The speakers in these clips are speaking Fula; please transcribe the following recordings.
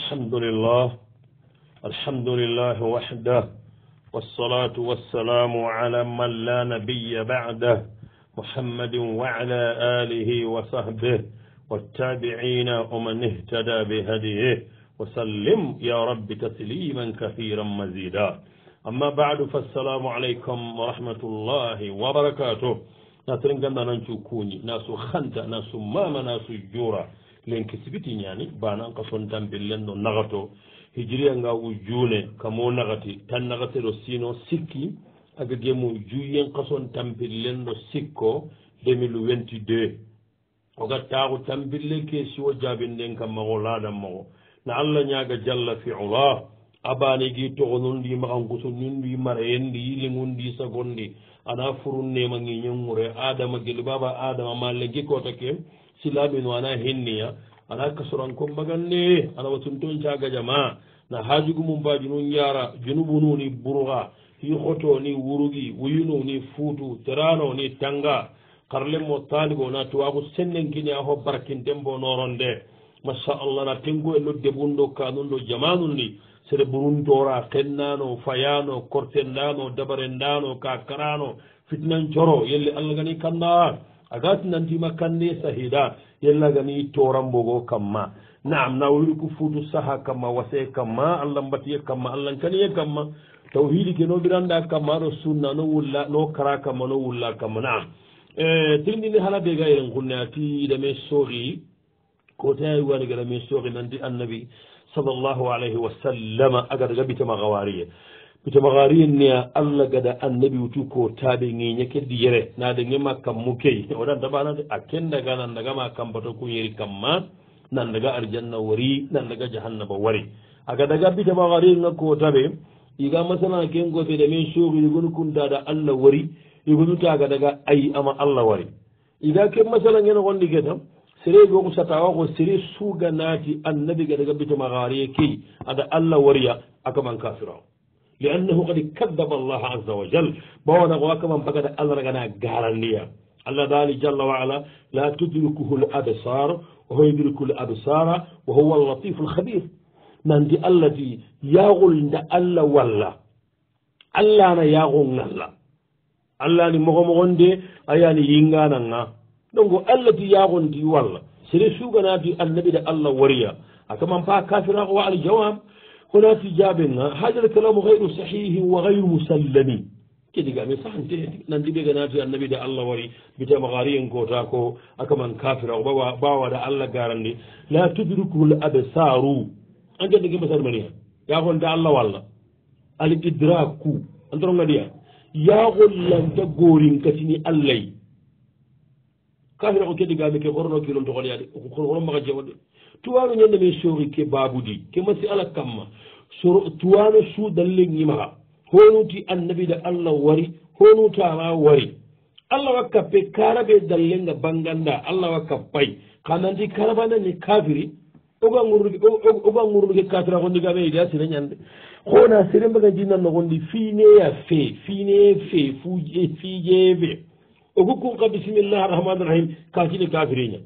الحمد لله الحمد لله وحده والصلاة والسلام على من لا نبي بعده محمد وعلى آله وصحبه والتابعين ومن اهتدى بهديه وسلم يا رب تسليما كثيرا مزيدا أما بعد فالسلام عليكم ورحمة الله وبركاته ناترين قمنا ننشو كوني ناسو خنت ناسو ماما ناسو جورا nden kesibiti ñaani banan ka son tambillen no nagato hijiriya nga u juune kamo nagati tan nagatero sino sikki aga gemu juyen ka son tampillen no sikko 2022 o gattaku tambille keesi o jaabin nden kam mago laadan mogo na allah ñaaga jalla fiulah abanigi togonun ndi makangusonin ndi marayen ndi lingun ndi sagon ndi ana furunnemangiñen ŋure adama gili baba adama ma lengi kota ke silamin wana henniya ana kasorankon maganne ana watuntoon caga jama na haajugu mum ba junun yara junubu nu ni burga hixoto ni wurugi wuyinu ni futu terano ni tanga karle mo taanigo na tuwaku sennenkine aho barkintenbo noronde masha allah na tenguwello debundo kanundo jamanun ni sere buruntora kennano fayano kortendano dabarendano kakarano fitnancoro yelle allah gani kannaa a gati nantima kanne sahida yellagani torambogo kamma naam na wowiri ku fuutu saha kamma wase kamma allah mbatiye kamma allah kaniye kamma taw hiidi ke no biranɗa kamma aɗo sunna no wulla no kara kamma no wulla kamma naam eh, tirdini hala bega yeren gunne ati dame sooki kotaawi wanigadame sooki nandi annabi sallllahu alayhi wa sallama agata gabitema gawariye pitoma harien niya allah gada annabi utu ko taaɓe ŋeña keddi yere naade ŋema kam mukey oɗan taɓanade a kendaga nandagama kambato ko yeri kam ma nandaga arjanna wari nandaga jahannaba wari agadaga pitoma harien ga ko taɓe iga masalan kengofeɗe min sohiri gon kuntaɗa allah wari igonunta agadaga ayi ama allah wari iga ke masalan gen gondi ke tam sere gon satawa ko sere suuga naati annabi gadaga pitoma harie keyi aɗa allah wariya akaman kafirao li annahu kadi kaddaba allaha aza wa jal bawana ko wakkaman bagata allah ragana garanniya allah daali jalla wa ala la tudrikuhu l absar oho yudriku l absara wa huwa llatif alkhabir nandi allah di yaagol nda allah walla allah na yaago ngalla allah ni mogo mogon de ayani yinganaga donc allah di yaagon di walla sere suganadi annabi da allah wariya akaman pa kafirako wa al jawam هنا في جابنا هذا الكلام غير صحيح وغير مسلم كده قام صح انت نندي بيغنا في النبي ده الله وري بيتا مغارين كوتا كو اكمن كافر او با با ده الله غارندي لا تدرك الابصار انت دي مسار مليا يا هون ده الله والله ال انت رونا ديا يا هون لن تغورين كتني الله كافر او كده قام كي غورنو كيلو تقول يا يعني. دي غورنو ما جاوا tuwano ñande men sori ke babudi ke masi ala kamma soro tuwano suudalle ñimaha honuti annabi da allah wari honutama wari allah wakka pe karaɓe dalle nga banganda allah wakka pay kanandi karabanani kafiri oga gurruke katira kondigameyidi a sira ñande hona sere mbaga jinnannogondi fineya fe fine fe fujee fijeve ogukkun ka bisimillahi arrahmani irrahim kakine kafiriña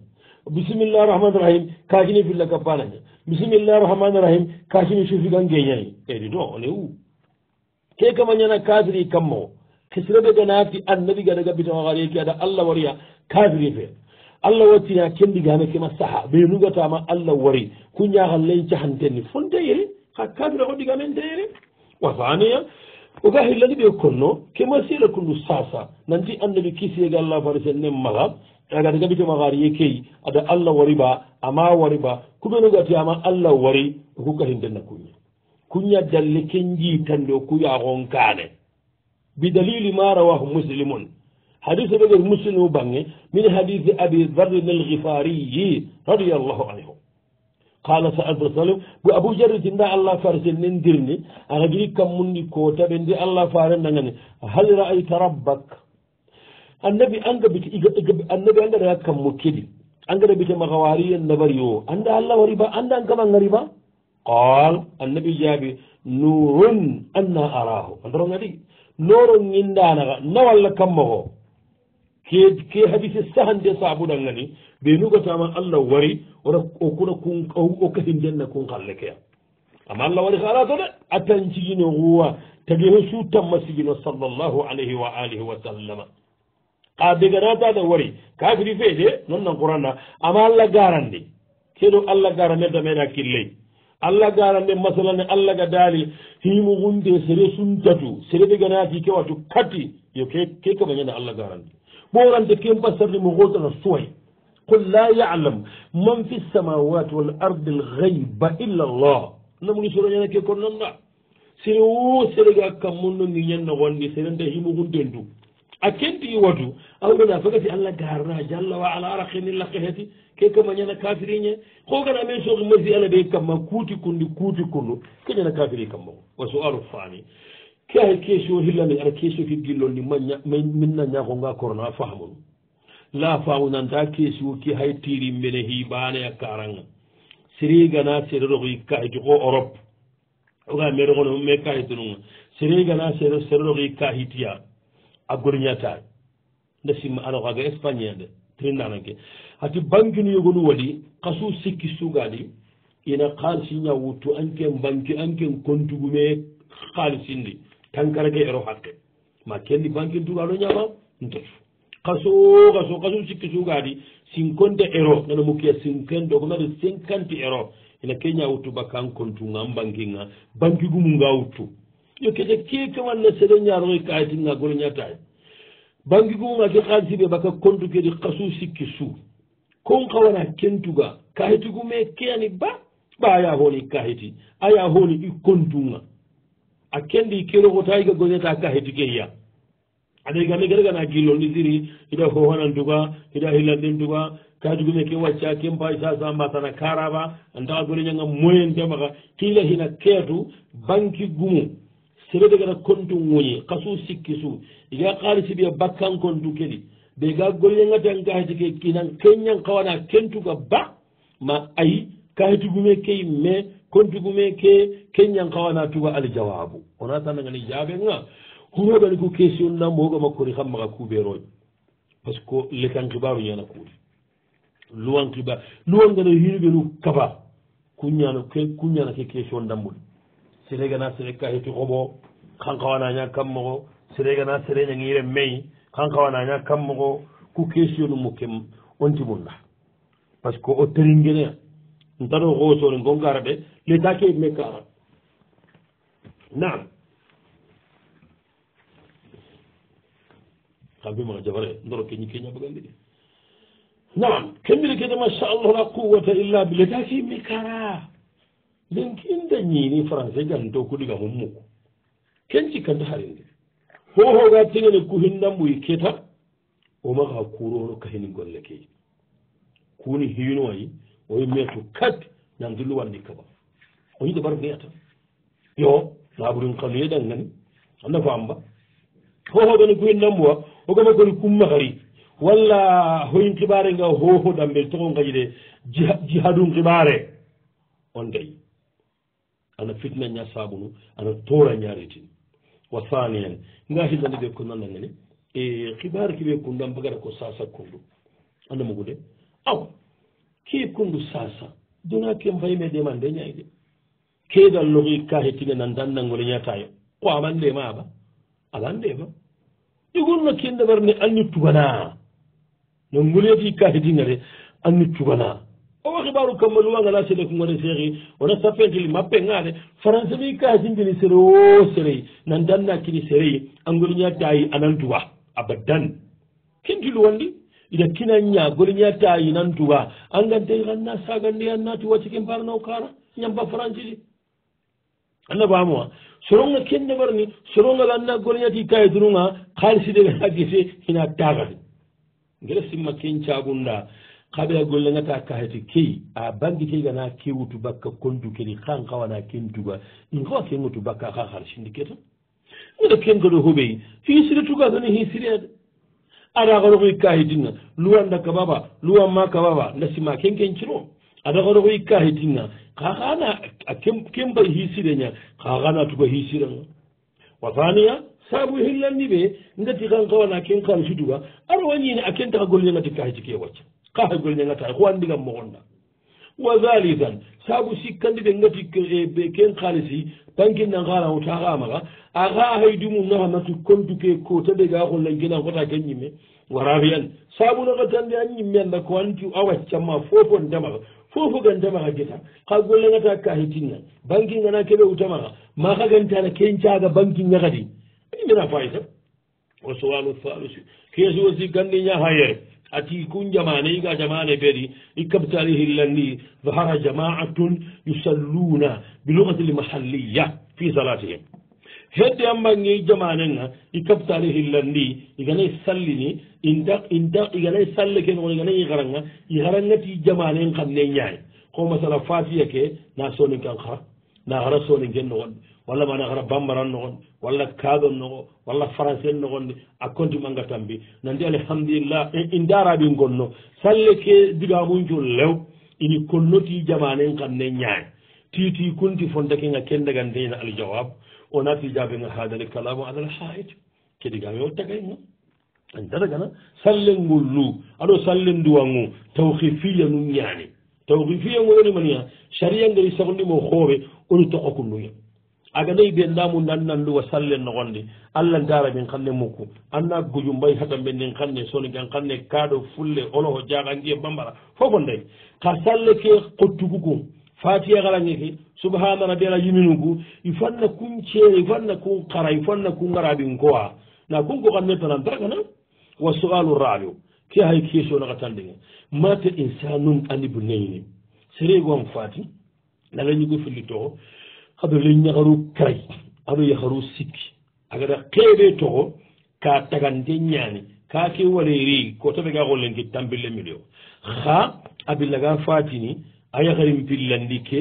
bisimillahi rahmani rahim kakini filla gabbanaña bisimillahi rahmani rahim kakini sufigan geñani eyi non ole u ke kama ñana kadri kamma o kesirebe ganati annabi gana gabbitamaaleki ada allah wariya kadri fe allah wattina kendigame kema saha ɓeynugatama allah wari kuñahallen cahantenni fonteyere ha kadre hoɗigamenteyere wasaniya oga hillani ɓe konno kema sela kundu sasa nanti annabi kisiyegallah farisen nen maha ɗaga ti gabi jamagari ye keyi ada allah wari ba ama wari ba kuɓenogati ama allah wari o kukatindenna kuña kuña dalle kenji tande o kuyaxon kane bidalili ma rawah muslimun hadise ɓeger muslimu bange min hadise abi darin alhifariyi radiallahu anhu qala saad bn salim bo abou jarriti nda allah fare sen nen dirni aga jiri kammundi ko taɓe nde allah fare nda gani hal raayta rabbak annabi anga biti annabi anga da kan mukidi anga da biti magawari annabari yo anda Allah wari ba anda an gama ngari ba qal annabi jabi nurun anna arahu andoro ngadi noro ngindana na walla kammo ke ke hadisi sahan de sabu dan ngani be nugo tama Allah wari ora o kuna kun o ka hinden na kun kallake amma Allah wari khala to de atanci ne huwa tage su tamma sigino sallallahu alaihi wa alihi wa sallama a daga na dada wari kafiri fe de non nan qur'ana amma Allah garande kedo Allah garande da meda kille Allah garande masalan Allah ga dali himu gunde sere sun tatu sere daga na ki kewatu kati yo ke ke ka banyana Allah garande boran de kem basar de mu gota na suwai qul la ya'lam man fi samawati wal ardi al ghaiba illa Allah namu ni suru ke kon non na sere o sere ga kam non ni nyen na wonni sere de himu gunde ndu a kenti iwatu awɗona fagati allah garnaji allah wa ala ara kenilla keheti ke kama ñana kafiri ñe hogana min sooki masi ala ɓe kamma kuuti kundi kuuti kundu ke ñana kafiri kamma wa soalu fami ke ay question hillami ara question ke gillolni min na ñakonga corona famun la famu nanta question ke hay tiri mbene hiɓaneya karanga sirigana seeɗoɗoko i kahiti ko europe oga mereono me kahitununga sirigana seeɗoɗoko i kahitiya a goriñataaɓe nde simma alaaga espagne nde trinanake hati banque nu yogonu waɗi kasu sikki sugaɗi ina haalisi ñawwuttu anken banque anken kontugume haalisindi tankarake ero hakke ma kenni banque ntugaɗo ñama ntof kaso kaso kasu sikki sugaɗi cinquante ero nana mukkiya cinquante ko nade cinquante ero ina ke ñawuttu bakkan kontuga banque ga banque gumu ga wuttu yo kete keeke walla seɗe ñaaroxe kaayatinga goro ñataye banki gumumake xaalisiɓe baka comptu kedi xasu sikki suu kon xa wana kentuga kaayetigume ke ani ba ɓa aya hooni kaayeti aya hooni i comptunga a kendi keroxota yiga goñata kaayeti ke ya adayga me garegana gilloni siri ida fofanantuga ida hillandentuga kaayetigume ke wacca kempa sasa mbasana karaba antaxa goleñanga moyen temaxa xila hina keetu banki gumu sere degata kontu ŋoñe kasu sikki su iga kalisi ɓiya bakkan kontu kedi ɓe ga golleŋatan kahiti ke kinan keñan kawana kentuga ba ma ayi kahiti gume key me kontu gume ke keñan kawana tuga aljawabu ona tanagani jaɓenga huroɓani ko question nambooga makkori kam maga kuɓeroy par ce que lekan kibaru ñana kuuri luwan kibar luwan gana hiruɓenu kaba kuñana ke kuñana ke question dambudi sere gana sere kahiti hoɓoo kankawanaña kammoxo sereegana sereñangire mai kankawanaña kammoxo ku questionnumo kem onti munna parce que o teringeneya ntaɗo xoosoni ko ngara ɓe leta ke me kara naam xam fimaxa jafare ndoro keñi keña bagandi de naam kembiri kede machallah la quwata illa bi leta ke me kara len kinda ñini français galnto kudiga mum muku kenci kanta harinde hohoga tigene kuhindambuyi e keta omaga kurono kahini golle key kuni hinoayi oye meto kat nandillu wandi kaba oyide bar meyata yo laburin kanuye dangani anda famba hohogani kuhindambuwa ogama koni kummahari walla hoyin kibare nga hoho dambel togo gaji de jihadun kibare on gayi ana fitna ña sabunu ana tora ñaretini wa thaniyan ngaahi dani ɓe kunnanangani e xibar ki ɓe kunndan mbagata ko sasa kunndu anda mugude aw kee kunndu sasa dona ke mbayme de ma ndeñay de keedal logi kahetine nandan nangole ñatayo ko aman ndema aɓa aɓan ndema ƴugurno e ke ndabarne anni cugana no nguleti kahetinga de anni cugana owo xibaru kamma luwangana sele ku ngone seexi ona sappe xili mappe ngaane france mi kaasimbini sere wo serey nan danna kini serey a ngoliñataayi anan tuwa abaddan kintilu wondi ida kina ña goliñataayi nan tuwa angantey xanna saganndi anna tuwa cikin parnao kaana ñamba francisi anna famoa soronga kendemarni soronga lanna goliñati kayitununga xaalisi degana gese ina taaxati ngere simma ken caagunda kaɓeya gollengata kahati key a bangitigana kewutu bakka kondukedi han hawana kentuga ɗin hawa kengutu bakka ha harsindiketa ɗiɗo kengoɗo hoɓey hisiri tuga tani hisiriade aɗa horokoy kahitinga luwanda ka baba luwanma ka baba dasima kenkenciro aɗa horokoy kahitinga kaana kemba hisireña kaana tuga hisirenga wafaniya sabu hillandiɓe gati kan kawana ken kalsituga aɗa wañini a kentaka gollengati kahiti ke wacca kaha gol ñagata ko andigam mo gonɗa wa halican saabu sikkandi ɓe gati e, ɓe ken haalisi banki na gara o taxamaxa axa haydumu naxanatu comptu ke kotaɓega xolla gena xota ken ñimme wara fiyan saabu naxatande a ñimme anda ko antu a waccama fofo ntamaxa fofo gantamaxa geta xa gollangata kaxitinna banki ngana keɓe utamaxa maxa gantana ken caga banki ñaxadi mena fayisa wa soalu falusu kesuwa sikkandi ñaxayere ati kun jamane ga jamane beri ikabta alihi lanni zahara jama'atun yusalluna bi lughati al-mahalliyya fi salatihim hedde amma ngi jamane nga ikabta alihi lanni igane sallini inda inda igane salle ken woni igane garanga igaranga ti jamane kan ne nyaay ko masala fatiya ke na sonin kan khara na hara sonin ken no wadde walla mana hara bambaran nogon walla kaagon nogo walla français nogonde a kontima ngatam bi nandi alhamdulillah in daraɓe gonno salle ke digamum jo lew ini konnoti jamanen kam ne ñaay titi kunti fontakega kendaganteyna aljawab onati jaɓega haadale kalamu alal haid kedigame o tagayga an daragana sallen ngol lu aɗo sallen duwangu tawhifiya num ñaani tawhifiya ngoloni maniya sharia ngari sahondimo hoore oni toqa kulluya aga nayi ɓe ndamu nannandu wa sallen nogonde allah ndara min kanne mukku anna guju mbayi hata men nin kanne sonigen kanne kaaɗo fulle onoho jaganguie bambara foko ndayi ka salle ke qottugu gum fatiya garangeke subhana rabbiala yiminugu ifanna kun ceere ifanna kun kara ifanna kun garaɓin kowa na kun kokanne tanan tarkana wa sualu rabio ke hay keso naka tandinge mata insanum anibu nayni sere gom fati nagañigo fillitoo aɗa len ñakaru kray aɗa yakaru sikki agata keɓe toxo ka tagante ñani ka ke ware reegi ko taɓe ga xollenke tampille miɗio xa a billaga fatini a yakarin pillandi ke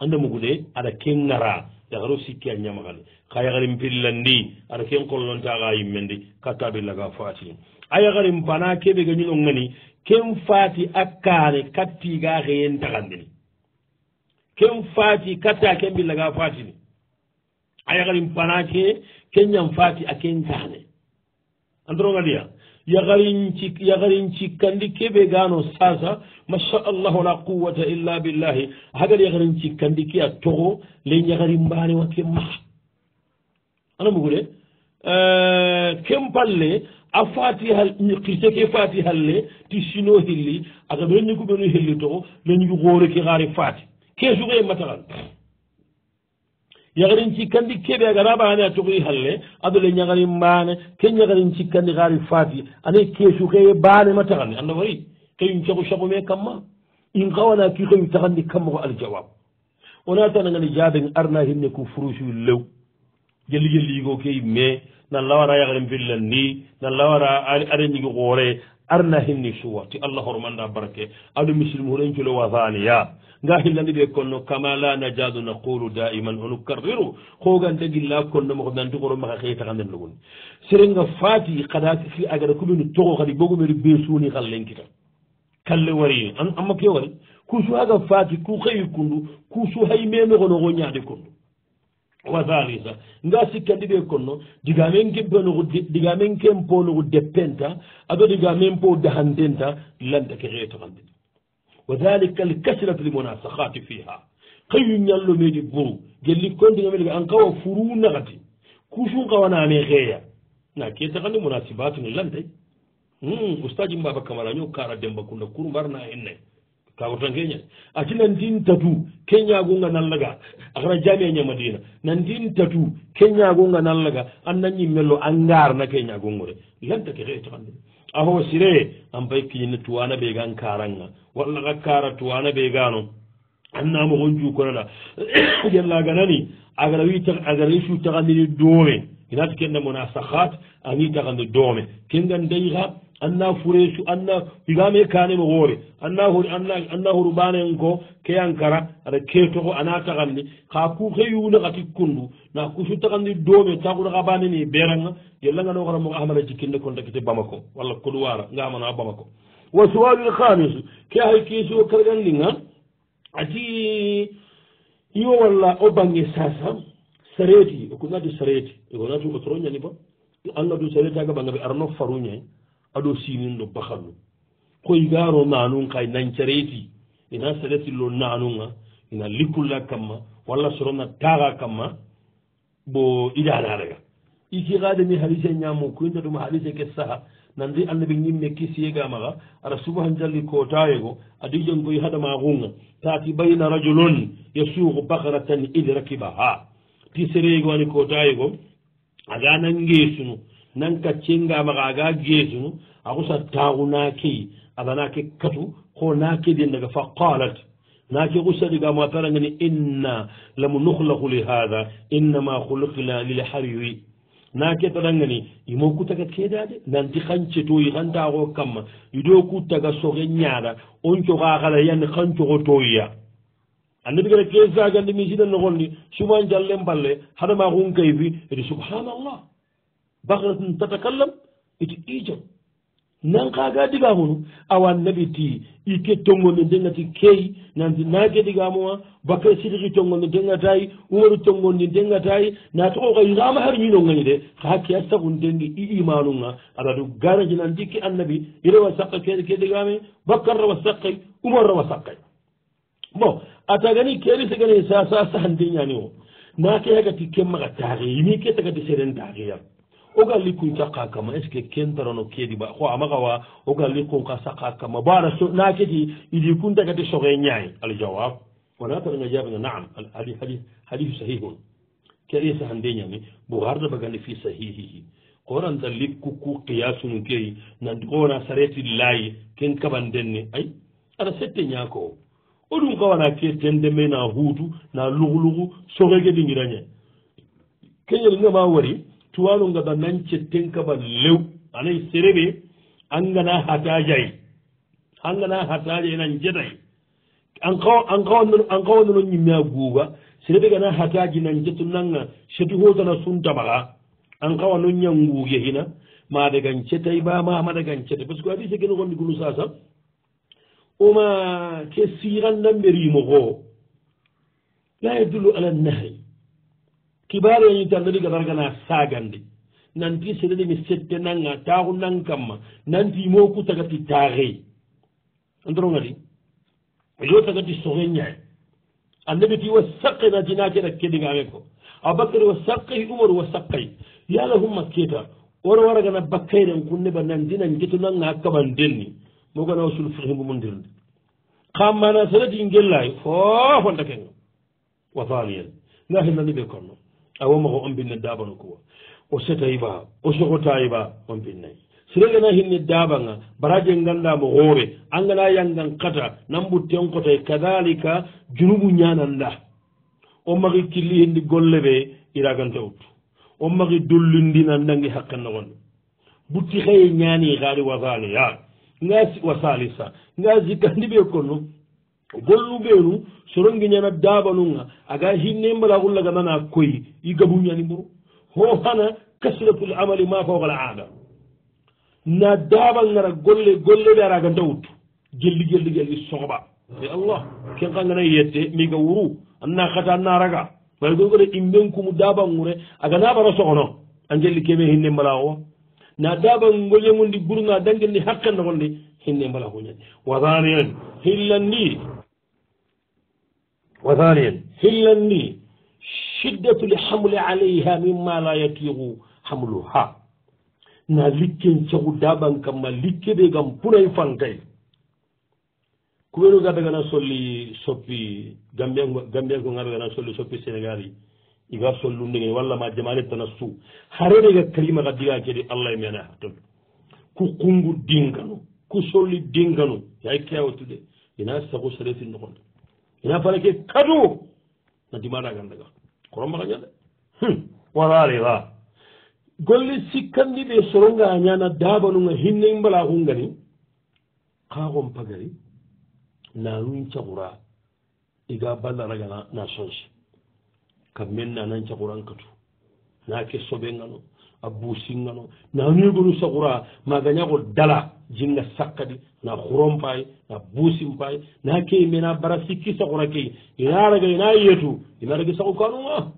anda mugude aɗa ke ngara yakaru sikki a ñamaxale xa yakarin pillandi aɗa ken qollontaxa yimmendi katta a billaga fatini a yakarin pana keɓe gañinongani ken fati a kane kattiga xeyen taxandini ken faati katta ken billaga faatini a yagarin panake ken ñam faati a ken taane antorogadiya yagarin cikkandi keɓe gano sasa masha allah wala quwata illa billahi hagar yagarin cikkandi ke a togo len yagarin mbanewa ken maha anamugude eh, ken palle a faati kirse ke faati halle ti sino helli aga ɓerenni ku ɓeno helli togo len yugore ke gaari faati keesugoye mataxan yaxirin cikkandi keɓe aga rabaxane a cogoyi xalle adole ñaxarin mbaane ke ñaxarin cikkandi xaari faati ane keesugeye baane mataxan anda fori keyum cago sagome kam ma in xawana ki xeyu taxandi kammoxo aljawab ona tanangani jaabeng arna hinne ku frusu lew jeli jeligo ke yimme nan lawara yaxarin villan ni nan lawara are ndigi xoore arna henni suwa ti allah hormanɗa barke aɗo musilme huɗen colo wasaniya nga hillaniɗe konno kama la najadu naqulu daiman o nucarriru hoganta guilla konno mako nanti horo maka heyta kanden ɗogoni serenga faati kada si agara kuɓeni togo kadi bogomeri besuni kan lenkita kalle wari an amma kewari kusu haga faati ku heyi kundu kusu hay memekono ho ñaade kondu wa valise nga sikka ndi ɓe konno diga men kebbenoxu diga men kempoonoxu deppenta ado diga men po dahantenta lanta ke xeetoxandin wa dalika alkasratu lmonasakati fiha xeyu ñallo meni buru gelli kondiga mee an xawa furu naxati kusun xawaname xeeya na ke taxandi monasibatune lantay hmm, ustadji mbaba camara ño kara demba kunna kurumbarna hennay kaako tan keñen ati nandin tatu keñagonga nallaga akara jamiaña madina nandin tatu keñagonga nallaga an nañi mello angarna keñagongore lanta ke xetaxande aho sire an pay kiñine tuwana ɓega n karanga walla ga kara tuwana ɓegano anna mogon jukonana gellaganani agarawi su taxandini dome inati kenda mona sahat angi taxandi dome kengan dayixa anna fureesu anna higame kanemo woore anna hori anna anna horu ɓanen ko keyankara aɗa ketoko ana taganndi ha ku heyuna ka tikkundu na kusu taganndi doome taguna ka baneni beranga yellangano kata moko ahmada jikkinde konta kiti bamako walla kodowara ngamana a bamako wa suwalu alhamisu ke hay kesi o kargandinga ati yo walla o bange sasa sareti okunati sareti egonati otoro ñani ba anna du sareti aga bangaɓe arano faruñayi aɗo sinin ɗo bakanu koye garo nanun kay e nancareti ina saɗatillo nanuga ina likkulla kamma walla sorona taga kamma bo idanaraga ikiadeni haalise ñamo kuinta ɗum haalise ke saha nandi annabi ñimme kisiyega maga ara subaha jalli kotayego adi jongoy hadama kunga tati bayna rajulun yasuku bakaratan id rakiba ha ti sereygoani kotayego aga nan gesunu nan kaccingamaxaaga geesunu axusa taxunakey aɓanake katu ko nakedinnaga fa qalat nake xusadigamo aperangeni inna lamu nuxlaku li hada innama xulqila lilhariri nake perangeni imo kutaga kedade nanti xancetoyi xantaxo kamma ido kutaga soxe ñaɗa oncoxa xalayani xancoxo toyya annabigara ke sagandi misidannoxondi sumancallen balle hadama xunkayfi edi subhanallah bakratun tatacallam iti ijo nanka ga digamunu awa nabi ti ike tongolne dengati key nanti nake digamuwa bakre sidiki tongolne dengatayi umaru tongolne dengatayi natokoka irama har ñinongañi de hake asagun dengi i imanunga aɗadu garanji nandi ke annabi irawa sakka ke digame bakar rawa sakkay umar rawa sakkay bon atagani keri segani sasa sahandeñani o nake hagati kemmaga taki imi ke tagati seren taki yam o ga likkuñ sakka kama est ce que ken tarano keedi ba ko amaxawa o ga likkun ka sakka kama bana na keti idi kun tagati soxe ñaay al jawab wana taranga jaɓanga naam hadisu sahihun kee sa hande ñami bouxar da bagandi fi sahihihi koranta likku ku qiyasunu keyi nanti kowana sareti laayi ken kaɓandenni ay ata sette ñaako o ɗum kawana ke tendeme na huutu na luxluxu soxe ke ɗingiraña keñeringama wari tuwaɗo ngaɗa nancetten kaba lew anayi sereɓe angana hatajayi angana hatajayi nan jetayi an kawanda non ñimmi a guuba sereɓe gana hataji nan jetu nanga setu hotana suntamaxa an kawa non ñanguuge hina madagan cetayi bamamadagan cete par ce que adise keno gonndi gunu sasa oma ke siranna mberimoxo laye dulu ala nahayi kibaru yañi tardani gatargana sagande nanti seɗaɗemi sette nanga taaku nan kamma nanti mo ku tagati taxey antorongati yo tagati soxe ñaay annabiti wa saqe natina keta kediŋame ko abakari wa saqey umaru wa saqey yalahumma keta wara waragana bakkayren kunneba nanti nan jetu nanga kamandenni mogana wa sulfihimumundirndi kammana sadati ngellayi fofontakenga wa faniyen ngahinnani ɓe konnoo a woma ko ombinne daabano kuwa o setayi ba o sohotayi ba ombinnayi sirogana hinne daabanga baraje ngandamo hoore angana yangan kata nambuttenkotay kadalika junubu ñananda o magi killi hindi golle ɓe iragante ottu o magi dollindinandangi hakkennogon butti haye ñani hari wasaliya nga wa salisa nga sikkandi ɓe konno golluɓeenu sorongiñana daabanunga aga hinne mbala xullaga nana koyi i gabuñani mboro ho hana kasratul amali ma fooxala aada na daaban ngara golle golle ɓe araga ndawut jelli jelli jelli soxoɓa e allah ken xangana yette miga wuru anna xata anna raga mayi goy gode imɓen kumu daabangure aga nabara soxono a jelli keme hinne mbala xowa na daaban ngolle ngondi gurnga dangel ni haqqe ndoxondi hinne mbala huñat wahaniyan hillan ni wahaniyan hillan ni siddatu li hamle alayha mimma la yatiru hamlu ha na likken cagu daban kamma likke de gam punay fantay kuɓenuga dagana solli soppi gambiyago gambiyago gadagana solli soppi sénégali igar sollundege walla ma jamane tana su harenega kalima ka diga kede allah e mena ha toon ku kungu dinganu kusolli dinganu yaa kewtude ina sago sareti nogonde ina fana ke kadu na dimaɗagandaga koromaxañade waralewa golle sikkandi ɓe soronga ñana dabanuga hinne mbalaxungani xaxon pagari nanun caxura iga ballaragana na change kam men nanan caxuran katu na ke soɓenganu a buusinŋano na nuigonu sagura magañago dala jinga sakkadi na xurompay na buusin pay na kei me na bara sikki sagura kei ina raga ina yetu ina ragi sagu kanuma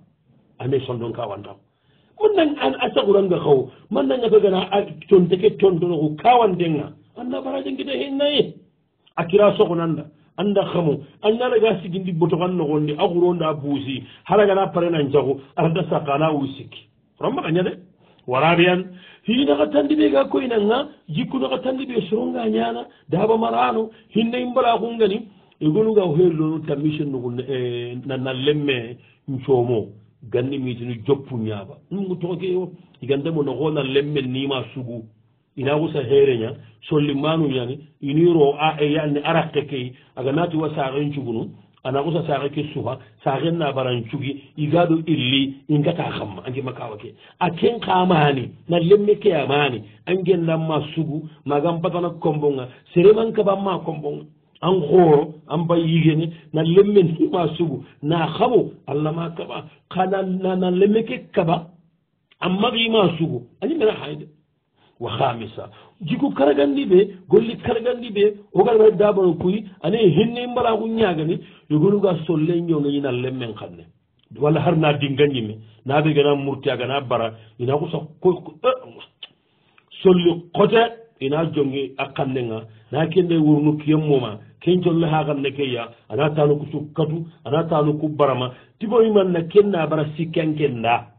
ame sondon kawantaw munna an a saguranga xaw manna ñakagana a conte ke contonoxu kawantenga anna barajangita hennaye a kira soxonanda anda xamu anna raga sigindi botoxan noxondi a xuronda buusi haragana parenan caxu arata saqana wu sikki xuranmaxaña de waraɓe an hinaka tandi ɓe ga koynan ga jikkunaka tandi ɓe soronga ñana daba marano hinna imbala kun gani e gonuga hellono tamission nogun e nana lemme coomo gandi mitini joppu ñaaba ɗumgu tooke o igandemo nogona lemme nima sugu ina wusa heereña sollimanu ñani iniro a e yanni arakke key aga naati wa saren cugunu ana usa saaxe ke suha saaxe na baran cugi igaaɗo illi i ngata xamma a ngima kaawa ke a ken xa maani na lemme ke a maani a ngendan ma sugu magam batana kombonga sereman kaban ma kombonga an xooro an ba yigene na lemme tuma sugu na xabo allah ma kaɓa xa na lemme ke kaɓa an maxima sugu a ngimena xaayde wa hamisa jiku karagandi ɓe golli karagandi ɓe ogal waɗi dabano puyi ane henni mbaraku ñagani yo gonuga solle ñoga ina lemmen kamne walla har na dingañimi naɓe gana murti a gana bara ina kusa eh, solli kote ina jongi a kannega na kende wurnu kiyen moma ken colle ha kanne keya ana tanu ku sukkatu ana tanu ku barama tiboyiman na kenna bara sikken kenda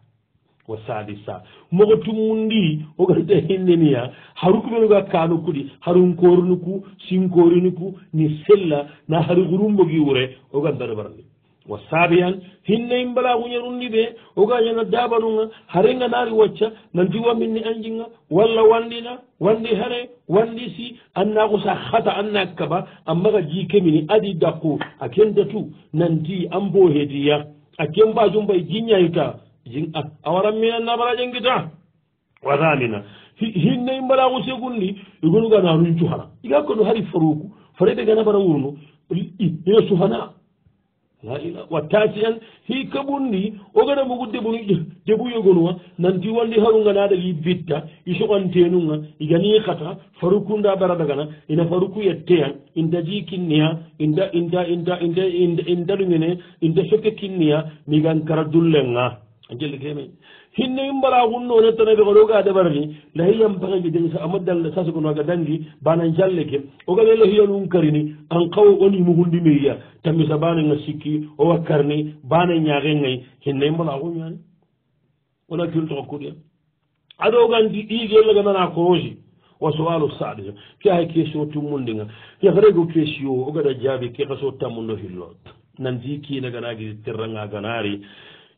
wo sadi sa mogo tummundi oganta hinneniya haru kumenoga kanokkudi harun korunuku sinkorinuku ni sella na haru gurumbogi wure ogandano barni wo sabiyan hinne imbala huñarundi ɓe ogañana dabanuga harenga nari wacca nanti wamminni anjinga walla wandina wandi hare wandi si anna kosa hata anna kaba ammaga jikemini adi dakku a kentatu nanti an bo hediya a ken mbajumbay jiñayta jin at awaran mina nabaraje ngita wahamina hinne imbalagu segundi igonuganarunchu hara igakkodo hari faruku farede ganabara wurno yesu hana laila wattasi an hi kabundi ogana mugude bunu debu yogonuwa nanti wandi harunganadagi vitta isoganteenunga iganiikata farukunda baradagana ina faruku yetteya inda ji kinniya inda inda inda inda inda inda lungene inda soke kinniya migankara dullenga jelle ke me hinne i mbala xunno ne tane fe xoɗoga ɗefar ni layi yam pagangi deng sa ama dal sasegonaga dangi bana jalle ke o gane lohiyanun karini an qaw on imuxundi meya tamisa banenga sikki o wakkarni bana ñaxengay hinne i mbala xunñani ona kin toxa kuɗe aɗoganti ɗigelaganana koosi wa soalu sadi ke ay question tummundinga yaxarego question o gada jaabi ke xa so tammundo hillo nan di kinaganagi tirrangaganari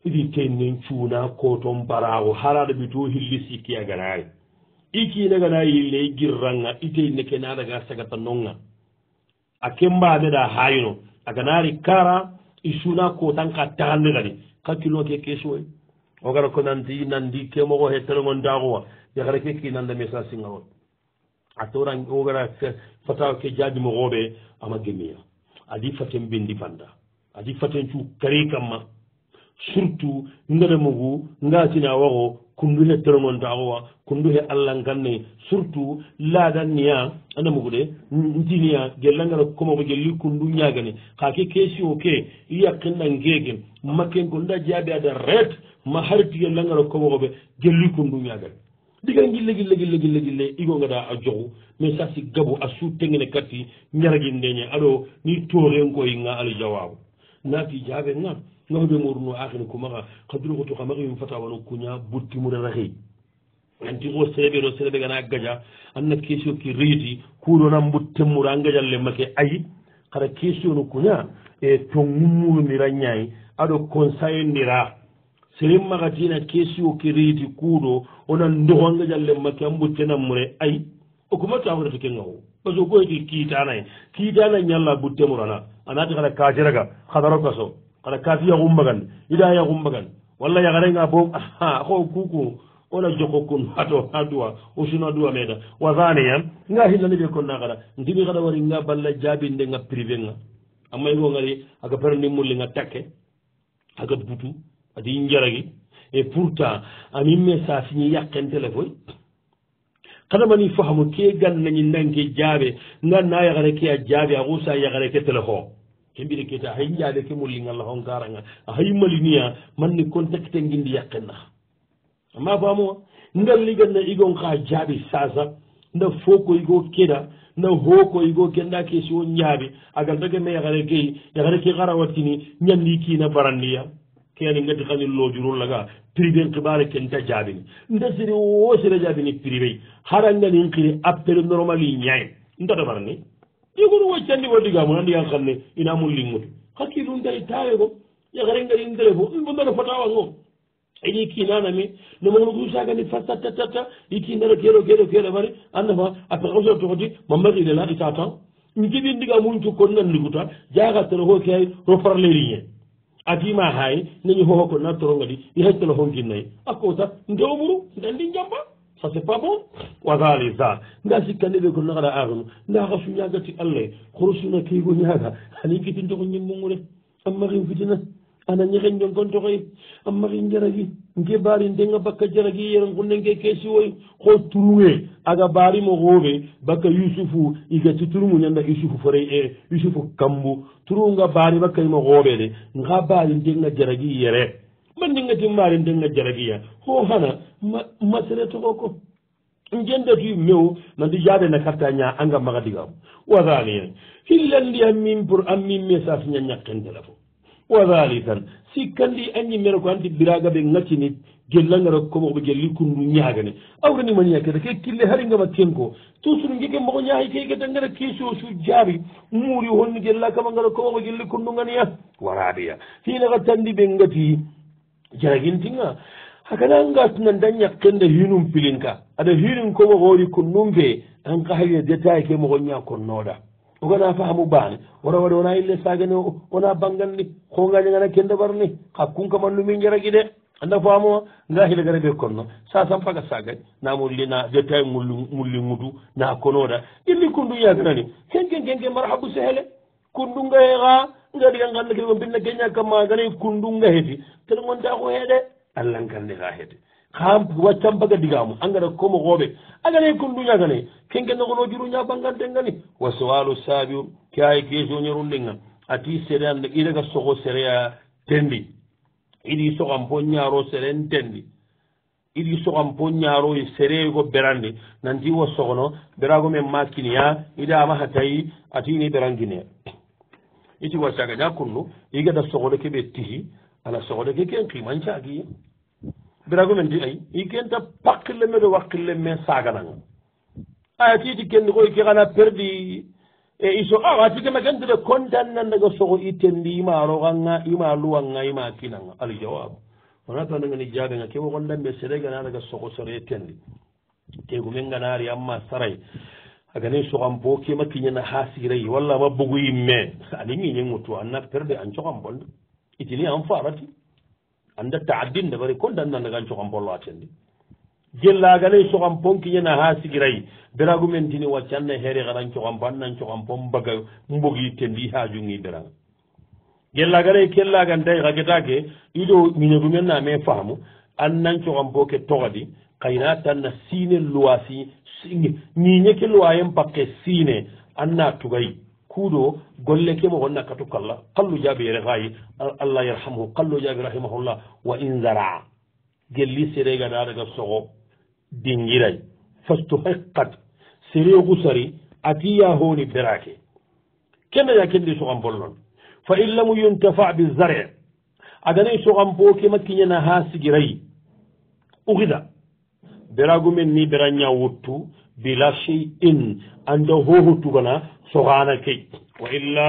idi tennen cuuna koton baraawo har aɗa ɓe to hilli sikki a ganaari ikiinagana yille girranga itenneke naɗaga sagata nonga a kembaaneɗa haayino a ganaari kara i suuna kotan ka taxanne gani ka kilo ke kesoy o gara ko nanti nandi kemoxo he telegon daaxuwa yaxare ke ki nanda mesa singaxon a toran o gara fata ke jaabimoxooɓe ama gemiya adi faten bindi fanda adi faten cu kari kamma surtout ngaremo gu ngaasini a waxo kundu he teronanta axowa kundu he allahnkanne surtout laadan niya andamo gu de ntiniya gellangana komoxo gelli kundu ñagani xa ke question ke i yaqinna ngeege maken ko nda jaabi ada ret ma hariti gellangana komoxoɓe gelli kundu ñagani diga gille gille gille gille gille igongada a joxu mais sa si gabu a su tengene katti ñaragi ndeñe aɗo ni toxenkoyinga ala jawabu naati jaabe ngar ñoxoɓe ngoruno akino kumaxa xa duro xotuxa maxe yum fatawano kuña buttimure raxey anti xo seɓero seɗeɓe gana gaja anna question ki reyiti kunona mbuttemura ngajal le make ay xara question no kuña e cogumurundira ñay aɗo conseille ndira serim maxatina question ke reyiti kuuɗo ona ndoxo ngajal le make a mbuttenamure ay o kuma taxurata ke ngaxu parce que koyeke kiitanaye kiitana ñalla buttemurana anati xara kajeraga xadaro kaso xana kaafi yaxummagan ida yaxummagan walla yaxarenga boom axo kuku ola joko kun ato a duwa o suna duwa meeta wasaneya nga xillani ɓe konna xara ndimi xada wari nga balla jaabindenga privé nga a maygongari aga perandi mulenga takke aga butu adi njaragi et pourtant amin me sa siñi yaqen téléphone xadamani faxamu ke gannañi nanke jaabe nga na yaxare ke a jaabe axu sa yaxare ke téléphone hembiri kete hay jaade ke mulli ngal hon gara ngal hay malinia manni contacte ginndi yakkenna amma famuwa ngal liganna igon ka jaabi sasa nda fo ko igo keɗa nda ho ko igo kenɗa keesi o ñaabi agal tage ma yakare ke yakare ke gara wattini ñandi kiina baranniya keani ngati kani lojurullaga priben kibare kenta jaabini nda sere wo sere jaabini pribey haɗa nganin kiri appel normali ñaye ndata baranni ɗiguru waccanndi wa digamu nandiyan xam ne ina mun liŋŋude hakki lun tay taawe ko yakarenga in télé fon ɓe mbano fotawan o eɗi kinana mi no mogno gusagandi fasta tatata i kinano keɗo keɗo keɗo bari annafa a pexeusoo toxoti mambaxiide la i tatan um kiɓin ndiga mun cu kon nan ndiguta jaxatano ko ke ay roparlerie atima haye nañi hoho ko na toronga ɗi i xactano hon kinnayi a kosa nte o ɓuru ndandi jamba ça c'est pas bon wadalisa nda sikkanɗeɓe e. ko nagaɗa arunu nda rasu ñagati allah korosuna keygo ñaga ani fitintoko ñimmugure anmarin fitina ana ñere jongontoxoy anmarin jaragi nge baari ndenga bakka jaragi yeren kunnenge keesi woy ko turuge aga baarimo xoɓe bakka yusufu igati turumu ñanda yusufu fore ere yusufu kambu turunga baari bakkaymo xooɓe de nga baari ndenga jaragi yere mbanndi ngati maari nde ŋa jaragiya ho hana masere togo ko jendatuy mewu nanti jaade na karta ña anga maga digamu wa halian hillandi amin pour amin message ña ñakkentela fo wa halitan sikkandi añimmere ko anti biraga ɓe ŋaccini gellangara komoɓe gelli kundu ñaagane awranimania keta ke kille hari ngama kenko toujours jege mogo ñaahi keykete ngara kesio su jaabi muuri honni gella kama ngara komoɓe gelli kundu ngania waraadeya hinaka tandi ɓe ngati jaragintinga hakada ngatuna ndañaktende hinum pilin ka aɗa hinum komo hoori ko numbe an kahaye détail ke mo goña ko nooɗa ogana faamu baane wara waɗi wona ille sagane wona banganni ko gañagana kende warni ha kunkamanlumi jaragui de anda faamu nga hila gara ɓe konno sa sam faga sagani namolli na détail ulli ngulli ngudu na konooɗa illi kundu yaganani ken ken ken ken mara habu sehele kundu ngahe ha ɓuɗo ɗi kan kamde kiɗe ko binna geña kam magane kundunga heeti tene gontako heeɗe allahnkandeha heede kam waccampaga digamu angara komo hooɓe agane kunduñagane kenkenogono juruña bangantengani wa sowalu saabiu kay kesoñerundinga ati sere ande iraga soho sereya tendi iɗi sohan po ñaaro seren tendi iɗi sohan po ñaaro sereyego berandi nanti wa sohono berago men makkiniya iɗama ha tawi atini berankineya iti wa caagaña kunnu i gada sogole ke ɓe tihi ala sogole ke ken qiiman caagiye biragumen di ay i kenta pakkille me ɗo wakkille me saaganang aya tiiti kenndi koy ke xana perdi e iso a ati keme kentede contan nan daga sogo i tendi ima roganga ima luwanga ima kinanga alijawab ona tanangani jaaganga ke wogondanɓe sere gana daga sogo sere tendi tegumen ganaari amma saray agane sogan bo kema kiñana ha sirayi walla ma bogu yimme alimiñen ŋutu anna perde an cogan bolde itini an farati anda taaddinde bari ko dan nandaga an cogan bollo atendi jella agane sogan pon kiñana ha sigirayi beragumen tini wacci anna heere haran cogan po annan cogan po mbaga mbogi tendi hajungi beraga jella agaray kellagandayi hagetake ido miñogumen name faamu annan cogan po ke togadi kayna tanna sine loi si ñiñeke luwayen pakke sine anna tugay kuɗo golleke mo wonna katuk allah kallu jaɓere haye allah yarhamuhu kallu jaɓe rahimahullah wa inzaraa gelli sirega da daga soxo dingiray fastuhiqat sirigu sari ati yahoni berake kene ya kendi sogam bolnon fa in lamu yuntafa bizare aganay sogam bo kema kiñana ha sigirayi uxida beragumen ni beraña wuttu bila shey in ando hohuttugona sogana key wa illa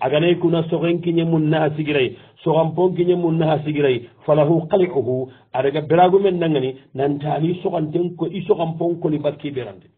aganay kuna sogen kiñe mun naha sigiray sogan pon kiñe mun naha sigiray falahu qalcuhu adaga beragumen nangani nantali soganten ko i sogan pon koli bakki berande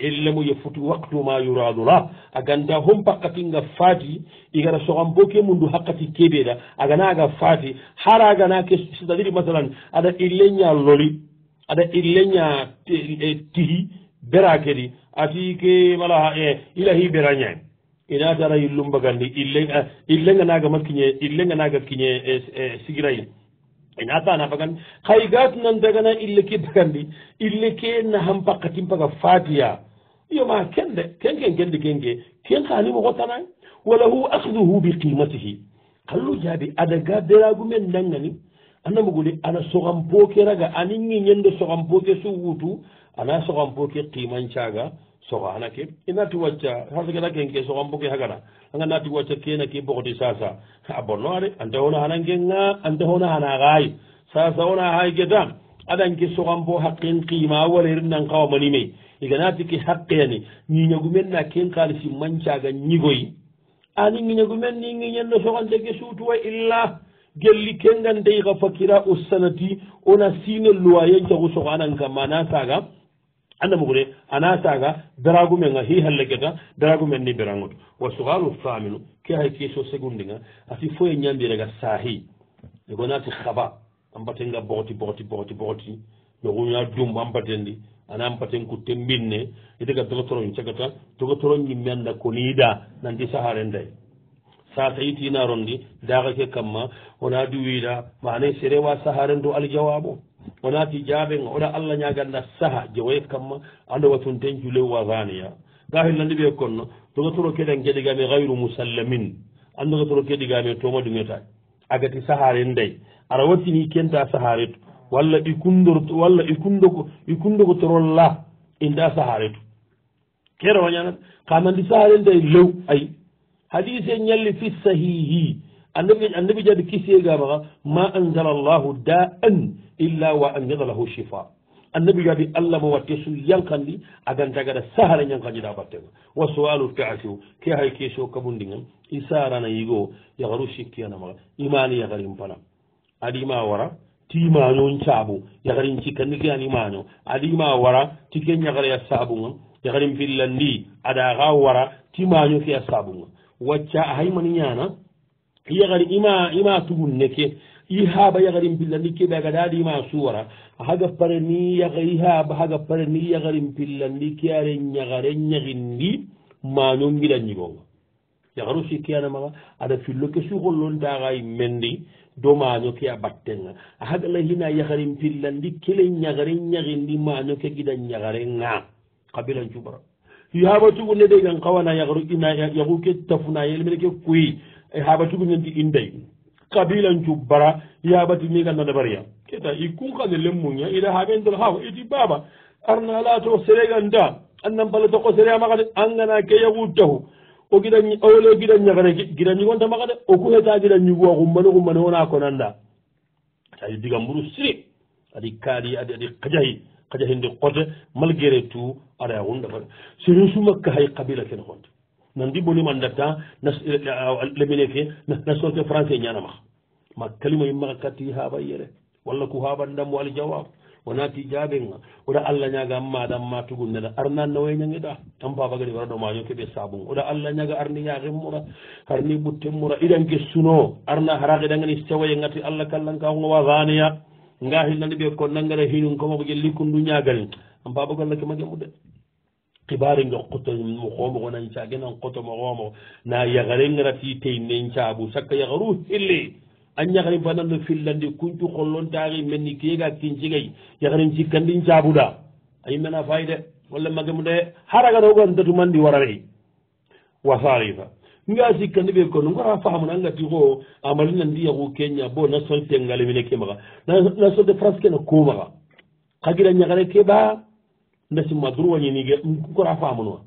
illamu yefutu waktu ma yuradu la aganda hom pakkati nga faati igara sogan bo ke mundu hakkati keɓeeda agana aga faati hara agana ke sadadiri masalan aɗa ille ña loli aɗa i leña e tihi bera kedi ati ke wala e ilahi bera ñaani ina ta ara yillumbagandi il lenga eh, naga maskiñe il lenga naga kiñe e, e sigirayi ina ta nafagandi xay gatunan dagana ille ke bagandi ille ke naxam pakatim paga fatiya yoma ken de ken ken kendi kenke ken xani moxo tana wala hu axduhu biqimatihi xallu jaabi adaga beragumen dangani annabuguni ana soxanpooke raga ani ŋiñende soxanpooke su wutu ana soxanpooke ximancaga soxana ke i nati wacca sasagata kenke soxanpooke hagana anga nati wacca kena ke boxoti sasa a bonno are anta hona hananke ŋa anta hona hana xaay sasa wona xaay geta adanke soxanpo haqqen xiima walerin nan xawa manime iganati ke haqqeyani ñiñagumen na ken xaalisi mancaga ñigoy ani ŋiñagumen ni ŋiñenno soxante ke suutuwa illah gelli ke ngandey xa fakira o sanati ona sine loye jagu soxo anankama ana taga andamoxure ana taga daragumenga xi hallegeta daragumen ni berangotu wa sogalu faminu ke xay keso segundinga ati foye ñambirega saxi egonati xaba a mbatenga boxoti boxoti boxoti boxoti noxuña dum a mbatendi ana mbaten kutte mbinne i tega dogatoroñ cagata dogatoroñ ñimmeanda koniida nanti saxarenday sa tawi tinaron ndi dagake kam ma wona du wiida mana sérewa saha rendo aljawabu wona ti jaɓega oɗa allah ñaganda saha jewoye kam ma ando watun tencu lewwa ganiya ga hillandi ɓe konno togatoro keɗen geɗigami hayru musallamin andogatoro keɗigami toma ɗumeta agati sahare nday ara wattini kenta saharetu walla ikundor walla ikundogo ikundogo torolla inda saharetu kero wañanat kamandi sahare nday lew ayi حديث يلي في الصحيح النبي النبي جاد كيسي غابغا ما انزل الله داء الا وانزل له شفاء النبي جاد الله موتيسو يانكان دي اغان تاغدا سهر يانكان دي باتيو وسؤال فعسو كي هاي كيسو كبوندين اسارنا يغو يغرو شكي انا ما ايمان يغريم بنا ادي ما ورا تيما نون تابو يغرين تي كان نغي ادي ما ورا تي يغري يا يغرين في لاندي ادا غا تيما نيو في سابو wacca a haymani ñana yagari ima ima tugun neke i haaba yagarin pilla ndike ɓe agaɗaɗi ima suwara haga pare ni yagari haaba haga pare ni yagarin pilla ndike are ñagare ñagindi manon gila ñigonga yagaru si keana maga aɗa fillo ke sukolontaxay mendi do maño ke a battenga a hagala hina yagarin pilla ndi kele ñagare ñagindi maño ke gida ñagarenga xa bilan cubara ti habatugu nede gan kawana yaru ina yaku ke tafuna yelmene ke kuyi habatugu nanti inday kabilan cu bara yabati mi kan nanabariya keta i kunka ne lemmunya ida haben dol haw iti baba arna la to seregan da annan bala to serega maka angana ke yaku tahu o gidan ni awle gidan ni gare gidan ni gonta maka o ku heta gidan ni go ko manu ko manu ona konanda ta diga muru sire adi kali adi adi qajahi kaƴa hinde qode malgré tout ara wunɗa fa so resumakka hay qabila kene honde na ndiɓonima ndatta eh, eh, ah, ah, lemineke nasorke français ñanamaa ma kalima yimmaa katti haaɓa yere walla ko haaɓanndam wali jawab wona ti jaabenga oɗa allah ñaga maɗam matugol neɗa arna nawoye ñangeɗa tan baba gadi waraɗo maño keɓe sabun oɗa allah ñaga arni yaxenmora arni ɓutten mora iɗan gessuno arna hara xeɗangani sewayengati allah kallanka onga wa vaneya ngahinnani ɓe ko nanngara hinum ko mabo jellikkum ndu ñaagalin an babagolla ke magemu de kibaari jo koto mu xoomo xo nan caa genan qotomo xoomo na yagarengrati tey nen caabu sakka yagaru hille a ñagari fananno fillandi kuncu xollontaaxi menni keega kincigay yagarin cikkandin caabu da ayi mena fayde walla magemu de haragarogantatumandi warare wasarifa mi a sikka ni ɓe ko no ngora famu nangati ko amalina ndiyaku kenya bo nationalité ngale mine ke maxa nationalité france kene ko maxa xa gira ñagare ke ɓa ndasima droitñinige ngora famunoa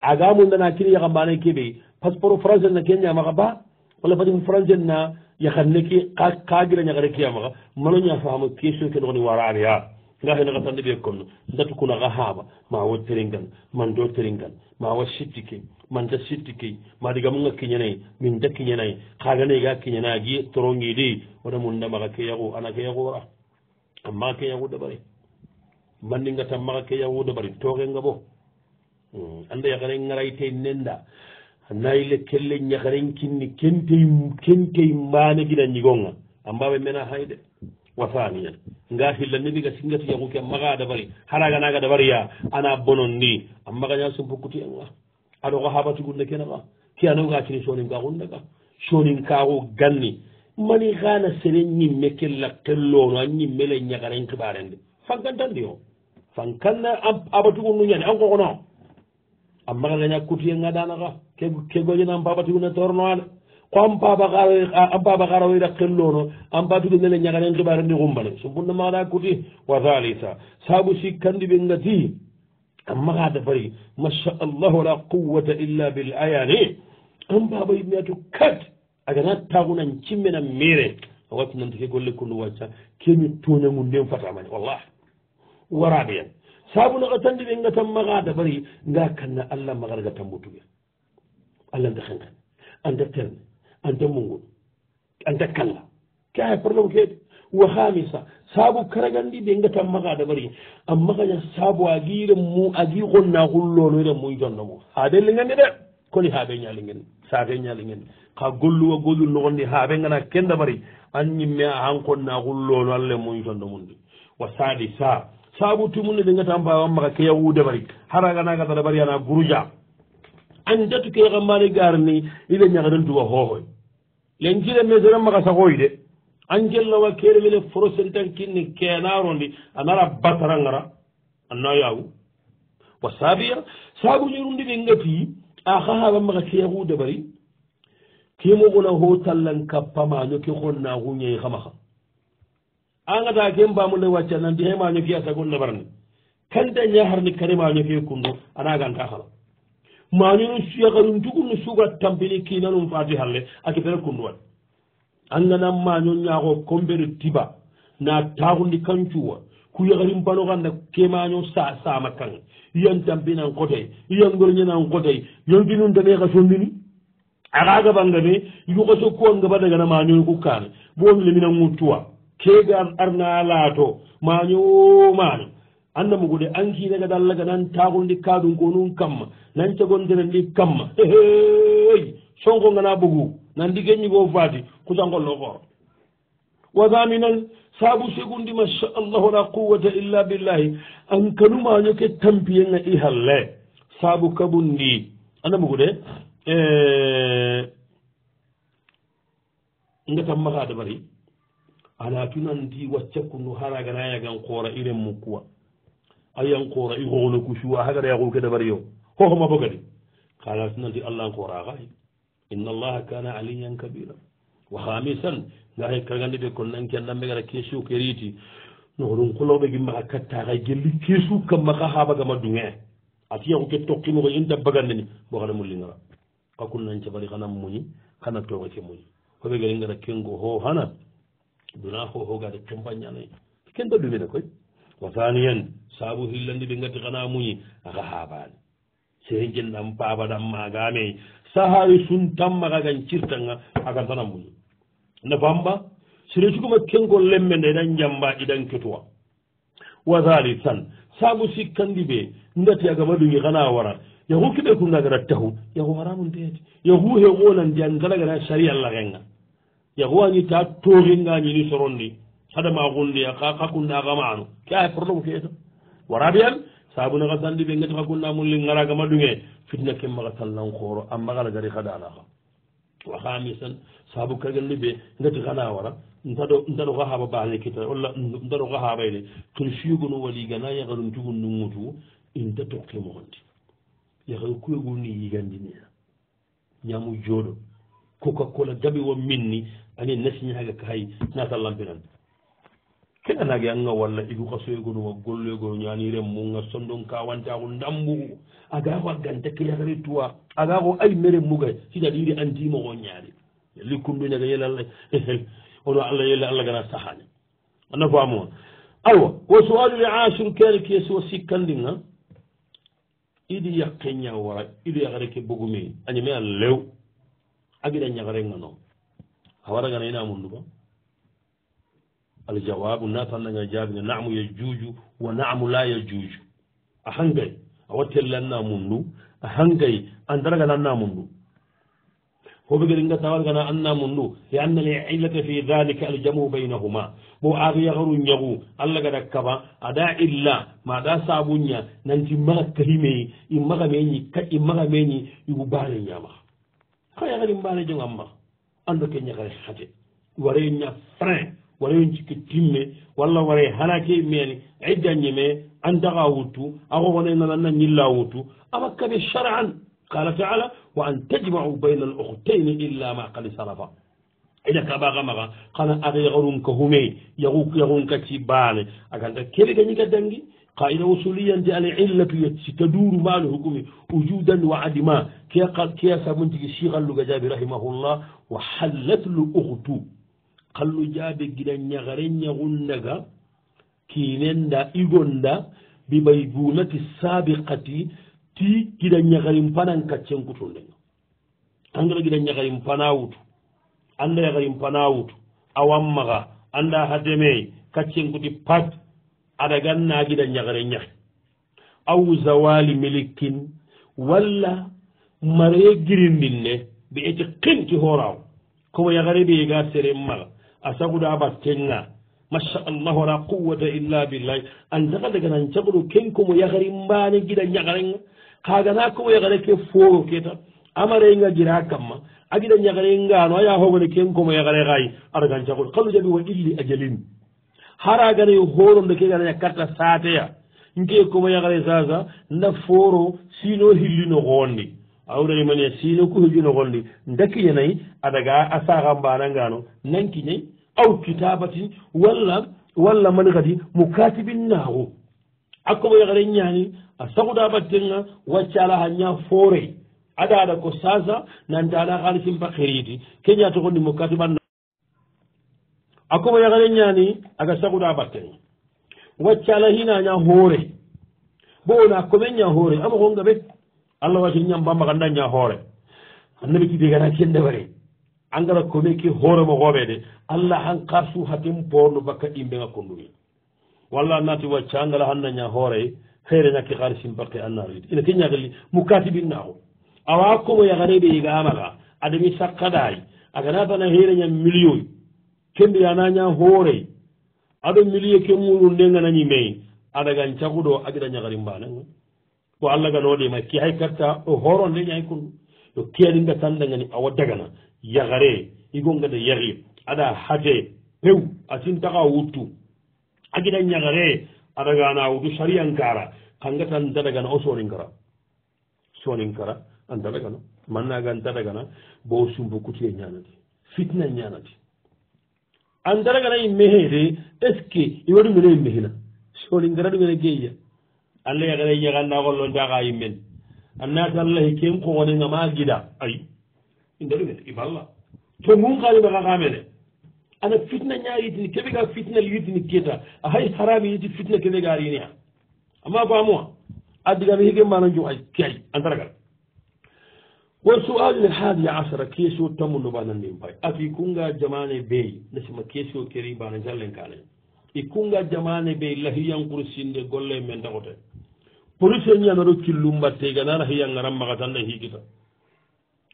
aga mundana kine yaxambane keɓe passeport français na ke ñamaxa ba wala fadim français na yaxanneke ka gira ñagare ke amaxa maloña famu question ke noxoni warane a nga henaxa tan ɓe comme ndatu kuna xa haaɓa ma wo teringan man do teringan ma wa sitti ke man da sitti key ma digamunga kiñanayi min da kiñanayi xaganayi ga kiñana gi torongiidi wona mun ndamaxa ke yaxu ana ke yaxuora a maxa ke yaxu da bari manninga tan maxa ke yaxu da bari toxenga bo hmm, anda yaxane ngarayte nenda nayile kelle ñaxaren kinni kentey kentey mbaane gina ñigonga a mbaɓe mena hayde wasaniyan nga hilla nenigas ngati yaguke maga dabari haraga naga dabariya ana bonon ni ammagaña sumpukkuti enga aɗoko habatigunde kenaga ki anoga cini soninka gundaga soninkago ganni mani gana sene ñimme kella kellono a ñimmele ñagaren kibarende fankantandi o fankanna abatugunnu ñani an kokono ammagagaña kutiyenga danaga ke gojenan pabatigunde tornoana ko an baba an baba garawira kellono an batude nene ñaganen keɓarandi gumbane so bunna maɗa kuti wa halisa saabu sikkandi ɓe gati an maga dafari masha allah wala quwata illa bil ayani an baba yimmiyatu kat agana tagunan cimmenan mere a watti nanta ke golle kundu wacca keñu toñagu nden fatamani wallah waraɓe yan saabu naga tandi ɓe gatan maga dafari nga kanna allah magarga tambutuɓe allah nda henkan anda terne an dammu ngol an dakkalla kaa probléme keede wa hamisa saabu karaganndi ɓe ngata maga dabari an magaña saabu a giire mu a gi gonna gulloonoyre mu jonno mum haa ɓelle ngandi de koni haa ɓe ñaali ngendi saafe ñaali ngendi ka golluwa gollul nogondi haa ɓe ngana ken dabari an ñimme a han konna gulloono alla mu jonno mum ndi wa saadi sa saabu timunne ɓe ngata mbawan maga keyawu dabari haraganagata dabari ana gourdia andatu ke xa mari garni ile ñaxadantuwa xooxoy lencile mesure maxa saxooy de anjellawa kere mene forosedi tan kinni kenarondi anara batara ngara anna yaagu wa saabiya saabu ñurundi ɓe ngati a xaxaba maxa keexu debari kemoxona ho tallan kappamaño ke xonna xu ñei xamaxa angata ken bamule wacca nanti hemaño fiya sagon nebarani kanta ñaharni kanemaño fe kundo anagantaxala manunu suyakanum cugunu suga tampini kinanum fati halle ake fere kunduwan angana maño ñaako kombeno tiba na taxundi kan cuwa ku yakarin panoxanda ke maño sama kan yan tampinan kotey yan goroñenan kotey yonkinun tane xasondini axagabangane yuxaso kuwangaba dagana mañoni ku kane bomilemina ŋuttuwa kega arna lato maño o maño anna mugude ankinagadallaganan taxundi kadunkonun kamma nan cagondiren ɗi kamma hey, songo ngana ɓogu nan ndi geñi go faadi kusangollo koro wa daminan saabu segundi masha allah wala quwata illa billahi an kanumañoke tampiyenga i halle saabu kabundi anda bugu de e ngatan maxade bari anatunandi waccakundu haraganayagan koora iren mukkuwa ayan koora i xoxolo kusuwa a hagara yaxuke dabariyo koko mabo kadi kalas nanti allahnko wara hay inna allaha kana aliyan kabira wa hamisan gahay kagandide kon nan kennanɓe gara kesio keriti no ɗum kolowɓe gi maka kattaka gelli kesu kam maka habagama dunge ati yaku ke tokkimoko in dabbagandini bo hana mulligara kakun nan cabari hana muñi hana toga ke muñi hoɓe gari gara kengo ho hana duna hoho gade kempañanay kenta ɗumine koy wa taniyan saabu hillandi ɓe gati hana muñi aka habani sehejinnam babanam magameyi sahaawi sun tamma kagan cirtanga aga sanamuñi nafamɓa sere cukuma kengol lemme nde ɗan jamba ɗiɗan ketuwa wahali tan saabu sikkandi ɓe ndati aga maɗuñi kana wara yahu keɓe kunagara tahu yahu haramunteyati yahu he wonandi angalagana saria lakenga yahuwañi ta toxingañini sorondi hadama xundiya ka kakunɗa kamanu ke a probléme keeta waraɓeyan sabuna xa sandi ɓe ngati xa gunna mun lin ngaraga maɗunge fitna ke maxa sallan xooro amma xana gari xa danaxa waxami san sabu kagelu ɓe ngati xana wara ntaɗo ntaɗo xa haɓa baane kita walla ntaɗo xa haɓayne kin fiyugunu waligana yaxarum tugun nungutu inta tokke moxondi yaxar kuyegurni yigandinea ñamu jooɗo coca cola jaɓi wo min ni ani nasiñaga kay natallampinan heɗanage anga walla igu ko soygono wa golloygono ñaniren muga sondon kawantaku dambugu aga ko agganta keyatare tuwa aga ko ay mere mugay sita ɗiɗi antimo ko ñaari likkunduñaga yel allah ono allah yelle allah gana sahani ana famuma awa wo soalule ashiru kene kesi wo sikkandinga iɗi yakke ñaw wara iɗi yakare ke bogumi añame a lew agiɗa ñakarenga noon a waragana ina mundu ba الجواب نافع أن يجاب نعم يجوج ونعم لا يجوج أهنجي أوتي لنا منو أهنجي أندرج لنا منو هو بيقول إن تقول أنا أنا منو لأن العلة في ذلك الجمو بينهما مو أبي يغرو نجو الله قد كبا أدا إلا ما دا سابونيا ننتي ما كريمي إما غميني كإما غميني يبالي نعم خيال إما غميني جنغم أندرك نجو خاتي ورينا فرين ولين تك تيمي ولا ولا هلاكي ميني عدا نيمي عندها وتو أو ولا إن لنا نيلا وتو أما كبي شرعا قال تعالى وأن تجمع بين الأختين إلا ما قال سلفا إذا كبا غمرا قال أغيرون كهومي يروك يرون كتي بالي أكان كيف كان يكدمي قائل وصوليا دي على علة ستدور مال حكومي وجودا وعدما كي قال كي سابنتي شيخا لغجابي رحمه الله وحلت له أختو kallu jaabe giɗa ñagare ñagunnaga kiinenda igonda bibay bunati saabiqati ti giɗa ñagarin panan kaccenkutundega andara giɗa ñagarin pana wutu anda yagarin pana wutu awammaga anda hademe kaccenkuti pat adaganna giɗa ñagare ñahi aw zawali milikin walla mareye girindin ne be ete qinki horaw komo yagare ɓeyega sere maga a saguɗa ba tenna machallahu ala quwata illa billahi andaga daga nan caguɗo ken komo yagari mbane giɗa ñagarenga kagana komo yagare ke foro keta amarenga jira kamma a giɗa ñagare ngano a yahogone ken komo yagare xay adagan caguɗo kalu jaɓi wa illi a jalin hara gana yo horonde ke gana ñakarta sateya nke komo yagare sasa nda foro sino hillino xoondi awrani mane sino kuhejuno gonɗi dakiña nayyi aɗa ga a saha mbanangano nanki nayyi awtti tabati walla walla man kadi mo katibinnaaxu akkoɓo yaxare ñaani a sahuda battenga waccala ha ña foore aɗa aɗa ko sasa nanta aɗa haalisimpa xeriiti ke ñaato gonɗi mo katibanna akkoɓo yaxare ñaani aga sahuda battenga waccala hina ña hoore bo wona komen ña hoore amaxonga ɓek allah wasi ñam bambakandaña hoore annabi kidi gana kende wari angara komi ki hooremo hooɓede allah han karsu hakim poorno bakka ɗimɓega konduri walla nati waccangala handaña hoore feere ñakki haali simbakke annaroid ina keñagali mu katibinnaako awa komo yaganeɓe yigamaga adami sakkadayi aganatana heereña millioi kembe yanaña hoore aɗo millio ke muɗum ndegananimei aɗagan caguɗo agiɗa ñagarimbanega ko allah ganoɗema ki hay karta o horon leñay kon yo keeɗi nga tan dagani awa dagana yagare igongada yagi aɗa haje pew asintaka wuttu agiɗa ñagare aɗagana wudu sariyankara kanga tan dadagana o soninkara soninkara an dadagana mannaga an dadagana bo sumbo kutie ñanati fitna e ñanati an dadagana i mehede est ce que i waɗumene i e mehina soninkara ɗumene geya allah yagana ñaganda gollo ndaga yimmen annaata allahi ken kogone ngama gida ay indaɗume iballa to ngun kalima kaka mene ana fitna ñaritini keɓe ga fitna lirtini keta ahay harami yiti fitna keɓe ga rini a amma ko amoa addigami hige mbana jum a kay antaragal won suwalu ne haadi asara keso tammu no banandin bay afi kunga jamane bey nasima keso keri mbana jallen kalen i kunga jamane bey lahiyankur sinde golle men tagote police ñanaro cillum battegaanara hiyangaran maxatanna hikita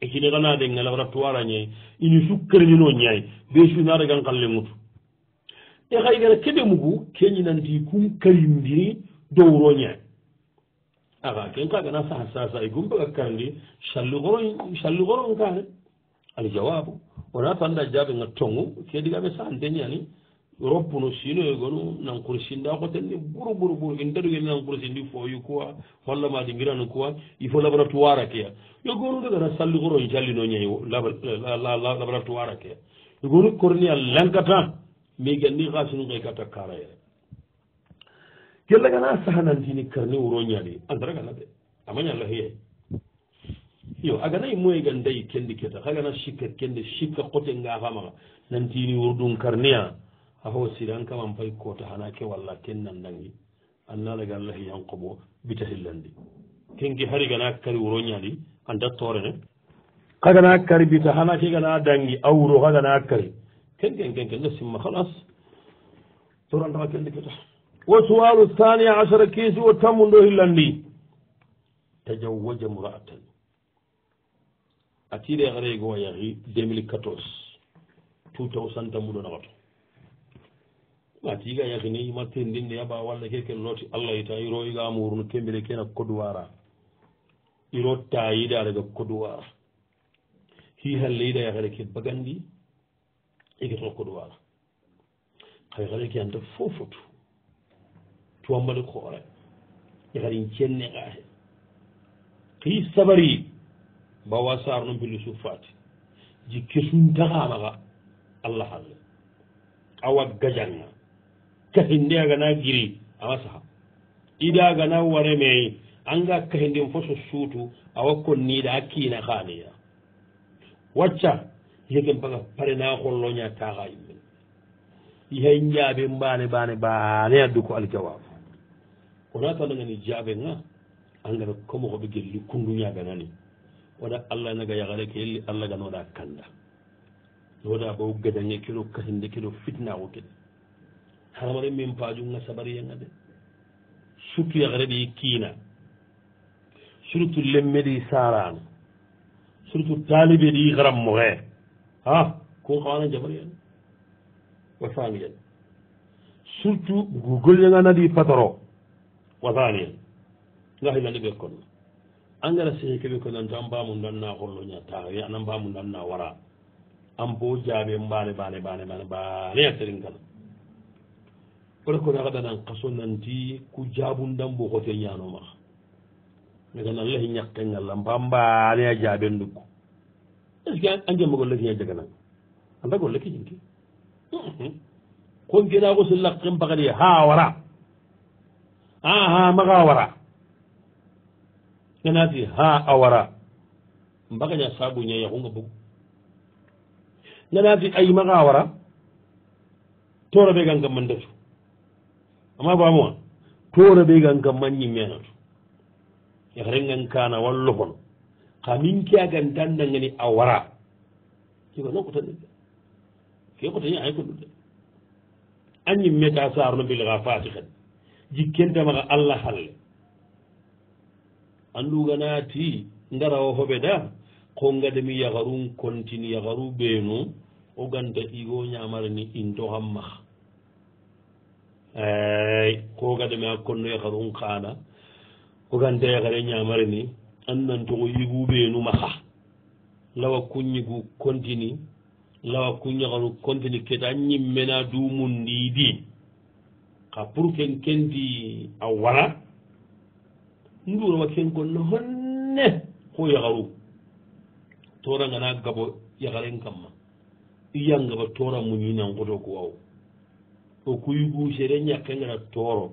ikini e xana dengelaxata tuwarañe ini sukkerñino ñay besu naregan xallengutu e xaygana keɓe mugu keñinanti kum karindiri dowro ñay axa ken kagana saha sasa i gumpaga karndi salliro sallixoron kane ali jawabu ona tanda jaɓenga tongu ke digaɓe sante ñani roppuno sinoyegonu nankur sinda kotenni ɓuru ɓuru ɓuru in daɗugeni nankur sindi fooyi kuwa hollamadi mbirani kuwa il faut laboratoirekeya yo gonu dagana salligoro jallino ñayi laboratoirekeya yogonu korniya lankata mi ganni hasinu ngay katta karayere kellagana sahanantini karni wuro ñadi andaragana de amañallahiye yo aganayi moye gandayi kendi keta hagana sikka kendi sikka kote ngafamaa nantini wurdun karniya a ho siran kaman pay kota hana ke walla ken nandangi annalaga allahi yankoɓo bita hillandi kenge hari gana kari wuroñadi anta torene ka gana kari bita hana ke gana dangi a wuro ka gana kari ken ken ken kene simma halas torantawa kende keta wa suwalu thania acara kesi o tammu ndo hillandi tajawaja muraatan a tiɗe arego wa yahi 2014 tutaw santa muɗo nakato ma tiga yakini ma tendinde yaɓa walla keken looti allah yita iro igamuruno kembire kena kodowara iro tayida daga kodowara hi halleyida yahere ke bagandi egeto kodowara hay hare ke anta fofotu tuwambali koore yahari cenne kahe hi sabari bawa sarno mbilli su fati ji kesuntakamaka allah halle awa gajanga kahinde agana giri awa saha ida agana waremey anga kahindin fo so suutu awa konniida a kiina haaniya wacca yegen baga parena holloña taaha yimmen yehay njaaɓe mbaane mbaane mbaane addu ko aljawabu kono a tanangani jaaɓe ga angara comme hoɓe gelli kunduña ganani wona allah naga yahare ke yelli allah ganoɗa kanda wona bow gadange keɗo kahinde keɗo fitnaako keɗe hamare min pajunga sabariyenga de surtout yakareɗi kiina surtout lemmeɗi sarano surtout taliɓeɗi karammoxe ha kun kawana jabariyen wasaniyen surtout gugolyanga nadi patoro wasaniyen nga hilani ɓe konno engara sehi keɓe kono anto an mbamudanna xollo ñatawi anan mbamudanna wara an bo jaɓe mbane bane bane bane bane a serin kana ore kono a ɗanan kaso nanti ku jabundan bogote ñanomaa megana lahi ñakkengalla mbambaneya jaben ndukku est ce que a jema golle kiña jaganan anda golle ki jinki mm-hmm. kon kena kosi lakken bakadi ha wara aha maga wara kenati ha a wara mbakaña sabuña yakunga bugu ganati ay maga wara toroɓe gangamma ndetu ama bamuwa toora ɓe gan kam mañi menato yaka e rengan kana wallo kon ka min keagan tandagani a wara kiko non ko tanide ke ko tañi ay ko ɗude añim meta saaro no mbilaka faati hen jikkentamaka allah halle anduganati ngara o hoɓe da ko gadami yakarum kontin yakaru ɓeenu o ganta igo ñamara ni intoxam maha ey eh, kogaɗeme hakkonno yahar e on kaaɗa kogante yahare e ñamare ni annantoko yigu ɓeenuma ha lawa kunñigu contini lawa kuñahanu contini kete an ñimmena dumun ndiidi ka pour ken kendi a wara nduurama ken gonno honne ko yaharu e toranga na gabo yaharen kamma iyangaba tora muñinangoto ko aw o kuy gusere ñakkengana tooro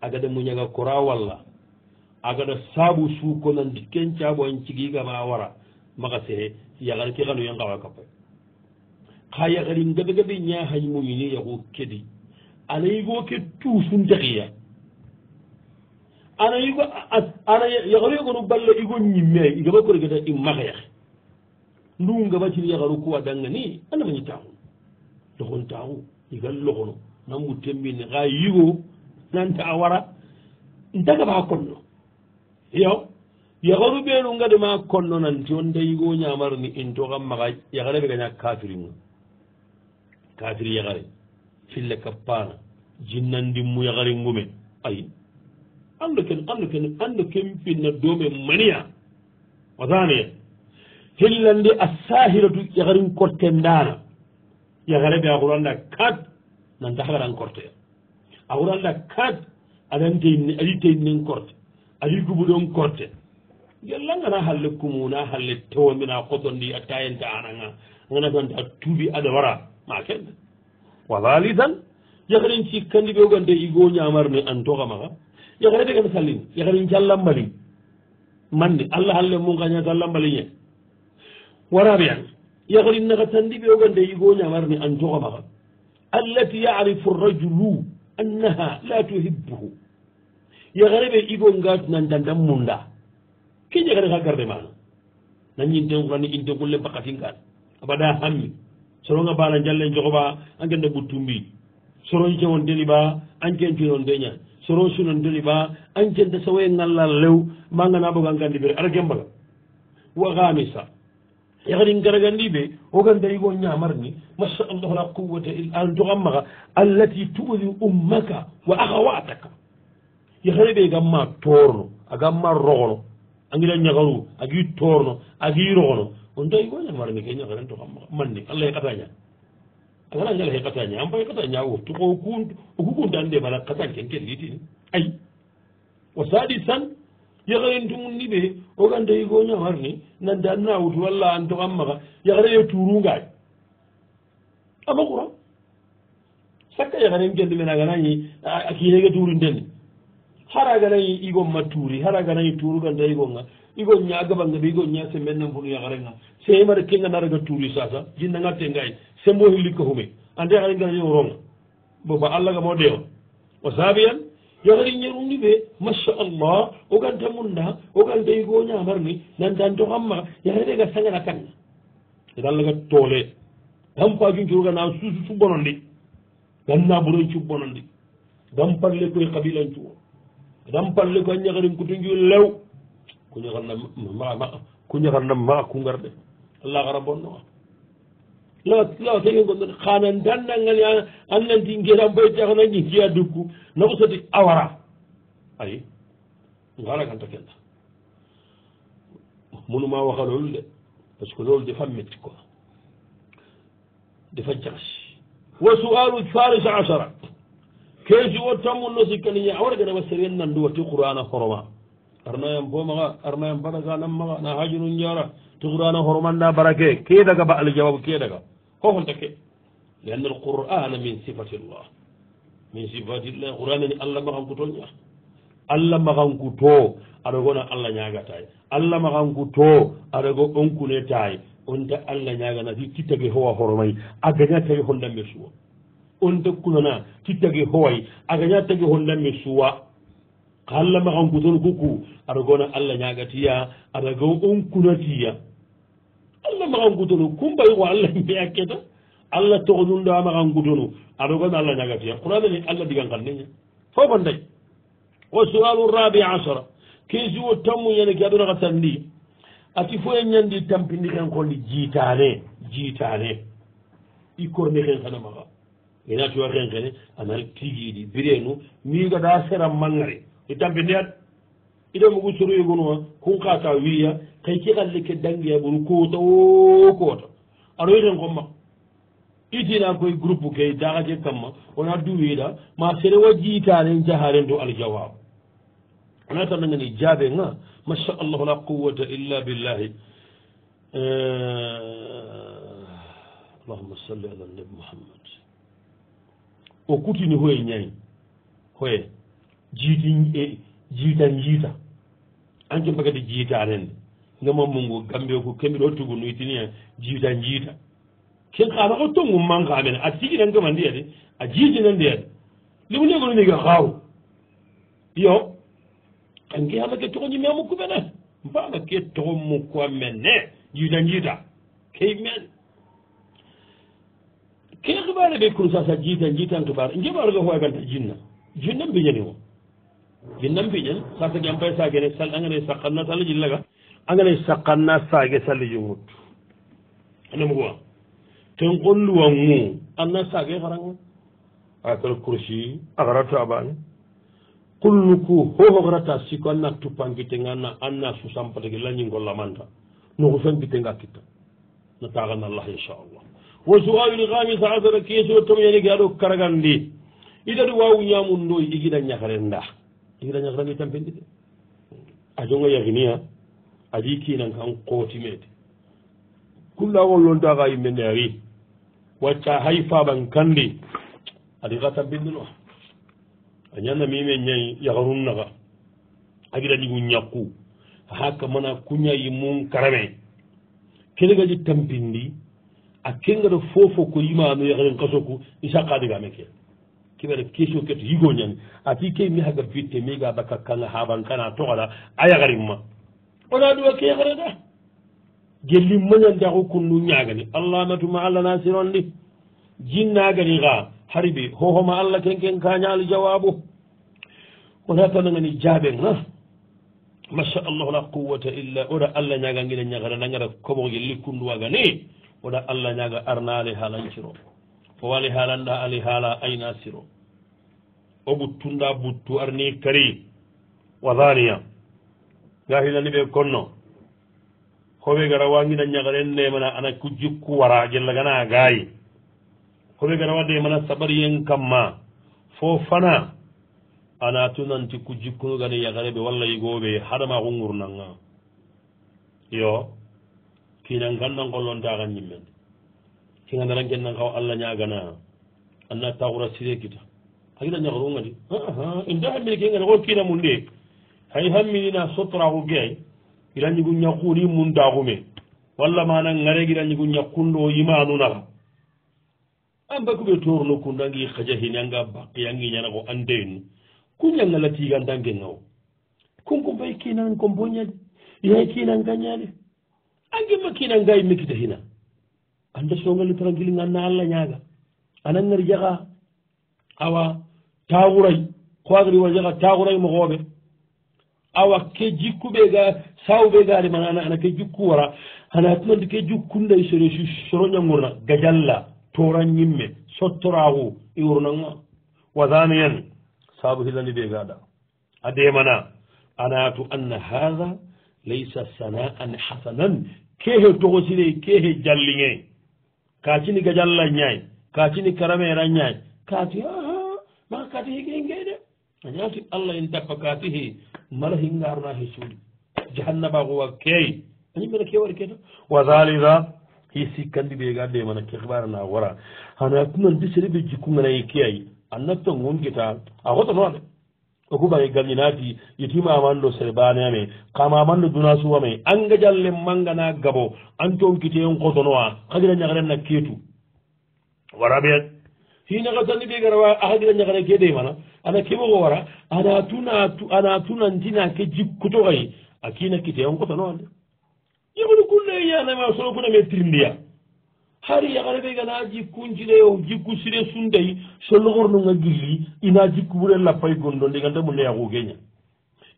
agada muñaga kora walla agada saabu suuko nandi kencaaboan cigigaba wara maga sehe yagar ke xanuye ngawa kappe xa yagari gabegabe ñahañ muñuni yagu kedi anayigo ke tuusuntexiya anayigo ana yagaru yegonu balla igo ñimme igaba koregeta i maxeex ndu ngabatin yagaru kuwa dangani anamañi taxu doxon taxu igal lohono nanmu tembinne ha yigo nanta a wara dagaba konno yo yahoru ɓeenu gadema konno nanti on da yigo ñamarni into kam maga yahare ɓe gaña kafiringa kafiri yahare fille kappana jinnandinmu yaharingume ayi ando ken ando ken ando ken pinna dome maniya wasaniya hillande a sahiratu yaharin korten dana yagareɓe a xuranda kat nanta xaɓaran corteyo a xuranda kat adanteyn adi teyinnen corte adi guɓuɗon corte gella ngana halle kumuna halle tewomina xotondi a tayenta ananga ngana ganta tuubi aɗa wara ma kene wahalisan yagaren ci kandi ɓe gante igo ñamarne an toxa maxa yagareɓe gan sallin yagaren callambalin manni allah halle mu gaña callambaliñe waraɓe yang yagri naga tandiɓe ogande yigoñawarni an jogoɓaga allati yarifu rajulu annaha la tuhibuhu yagareɓe igo ngatinan dandan munda ke ñagare ka garde mana nañinten kurani inten kulle bakatingan abada hammi soronga bana jallen jogoɓa angende ɓuttumbi soron cewon deliɓa anken cinon deña soron sunon deliɓa anken da sawoye ngallal lew mangana boga ngandi bere ara gembaga wa hamisa yaxanin garagandi ɓe woganta yigo ñamarni masallahu la quwate al joxam maxa allati tuudi ummaka wa axawataka yaxane ɓe gamma toorno a gamma roxono a ngila ñaxaru agi toorno agi roxono onta yigo ñamarni ke ñaxanen toxam maxa manni allah yeqataña agana ñala yeqataña ampa yeqataña woftu o kun o kukuntan de mala xatan ken ke digitini ay wa sadisan yakaren tumunni ɓe o gantayi ko ñamarni nanta anna wutu walla an tokan maka yakare ye turungay ama kuran sakka yakaren kendemen aganayi akiyege turindeni hara aganayi igon ma turi hara aganayi turu ganta igonga igon ña agabanga ɓe igon ña semben nan funu yakarenga seemata kenga naraga turi sasa jinnanga tengay sembo hillikka hume ante yakaren ganayi oronga bo ba allah gamo dewa wasabiyan yogori ñerundi ɓe machallah oganta munda oganta yigoo ñamar ni nantanto kamma yahreɓe ga sagana kanga etallaga toole dampa juncuruga na suusu cubbonondi ganna buron cubbonondi dampalle koye kabilancuwo dampalle ko a ñagarin kutunju lew ku ñagarna ma ku ñagarna ma kungarde allah gara bonnoa lawa tawi gonɗon hana dandal ngal annanti gueta mbayta ko nangi jeeya dukku nabo soti awara ayi ngara kan to kenta munuma waha lolu de par ce que lolu defa metti quoi defa jaasi wa sualu halise achara keji o tammunno sikkaniñe awara gana wa sérien nandu wa ti qur'ana horoma arnayam bomaga arnayam baraga nammaga na hajunu jara ti qur'ana horomanda barake ke daga ba alijababu ke daga fofon takke li anna alqur'ana min sifati llah min sifati llah qur'ana ni allah maganku to ña allah maganku to aɗagona allah ñagatay allah maganku to aɗago onkune tay onta allah ñagana ti tittage howa horomay a gaña tagi hondanɓe suwa on ta kunana tittage howay a gaña tagi hondanɓe suwa ka allah maganku ton kuku aɗagona allah ñagatiya aɗago on kunatiya maxan gudunu kum bayugo allah mbiya keta allah toxonunda maxan gudunu aɗogan allah ñagafiya quranene allah digan xanneña foba ndañ wa sualu rabi asara kesi wo tammu yene ke aɗona xa sandi ati foye ñandi tampindi xen xondi jitane jitane i korne xen xana maxa ina tuwa xen xene ana tigiidi birenu miigada sera mangari i tampindi at ida mugu suruyigunuwa kun xa ta wiya kay kiyalle ke dangiya ɓoru kooto o kooto aɗa yiten komma itina koye groupe kay dakake kamma wona duweeɗa ma sere wa jiitanen jaharen to aljawab ana tannagani jaabe ga machallahu la quwata illa billahi eh, allahuma salli ala nabi mouhammad o kutini hoye ñayi hoye jiiti eh, jiita jiita anke mbakadi jiitanende ndemommu ngu gambe ko kembi ɗo tugu nuytini hen jiita jiita ke kaara o to ngu mankamene a tiginan kama ndiyade a jiitina ndiyade limu nigo nonigue haawu yo kanke allah ke togoji memu kuɓene mbaga ke togo mu kuamene jiita jiita key men ke kibare ɓe kuru sasa jiita jiitan kibare jibaroga howay banta jinna jinna mbiñani o jinna mbiñani sasa gempay sagene sal engrais sakkannatalajillaga angala sakkanna sage sallijo muttu anam gowa ten qolluwa mu anna sage haranga a kal kursi agarato abani kulluku hoho garata siko anna tupangitenga na anna susampatege lañingollamanta noku fengitenga kitta no taganna llah inchallah wo sowawil hamisa asara kesowo tomoyanigi aɗo karagandi idadi wawu ñamun ɗo igiɗa ñakarenda igiɗa ñakarandi tampendi de a jonga yaginiha adi kinan kan kootimeede kullawol lon taga yimmene ari wacca hay faɓan kandi adi xa tabbindino a ñanna mime ñayi yaxarun naxa agida ɗigu ñakku aha kamana kuñayi mun karame kene gadi tampindi a kengata fofo ko yimano yaxaren kasoku i saqadigame ke kiɓeta question ket yigoñani ati ke mi haga vitte miga bakka kanga haɓan kana toxala a yaxarinma wona ɗuma kekre ɗa jelli moñandaku kunnu ñagani allah matuma allah na siron ɗi jinnagani ga hari ɓe hohoma allah kenken kañali jawabu wona tanagani jaɓen a masha allah la quwata illa oɗa allah ñaga gila ñagara nagara komo jelli kunnu wagani oɗa allah ñaga arnaale haalanciro o wali haalanɗa ali haala ayna siro o ɓuttunɗa buttu arni kari wa daniya gahinani ɓe konno hoɓe gara wagina ñagaren nemana ana ku jikku wara jellagana gayi hoɓe gara wa nemana saɓariyen kamma fo fana ana tunanti ku jikkunugani yagareɓe walla yigoɓe haɗama ko gurnanga yo kinan gandan gollontagan ñimmen kigandaran kennan kaw allah ñagana anna tawura sire kita a gina ñagaruga di inda hamine kegani o kina mum de hay hamminina sotoraku gueey ira ñigu ñakkuni mundagume walla mana ngare gira ñigu ñakkundo imanunala an bakube toruno kundo angi xaja hini anga bakki angi ñanago andeynu ku ñangala tigandange ngawo kunkumbay kinan komboñadi yay kinan gañade angima kinan ngayi mikita hina anda songali tranquille nganna allah ñaga ana ngar jaxa awa taguray koagriwa jaxa taguray mo xooɓe awa ke jikkuɓe ga sawɓe gaade man ana ana ke jikku wara ana hakkunandi ke jikkunday e soresu soroñangurna gajalla toran ñimme sottoraku i e wurnanga wadaniyan saabu hilani ɓe gaɗa a demana anatu anna hada laysa sanaan hasanan kehe togosire kehe jalliŋe kacini gajalla ñay kacini karameera ñay kati aha ma kati higi ngede añati allah en tappa katihi mala hingaruna he cuuɗi jahannaba ko wa keeyi añi mbeɗa kewaɗi keeta wa halisa hi sikkandi ɓe gadde mana ke xibarana wara hana kuman desere ɓe jikkuganayi keyayi a natta gonketa a xotanoale o kubange galinati yetima amanɗo sere bane ame kama amanɗo duna suwame engadialle mangana gabo antonkite en xotonowa xagira ñaxarenna keetu warabe hinaxa sandi ɓe garawa axagira ñaxare ke de mana ana keɓoo wara ana tuna ana tunantinake jikkuto ay a kiina kite on kosano ande yegoni kulle yanama sono funa me tirindiya har yagare ɓe gana jikkuncire o jikku sire sundey sollogornoga gilli ina jikku ɓure lappay gondo ndeganta mu neyaku geña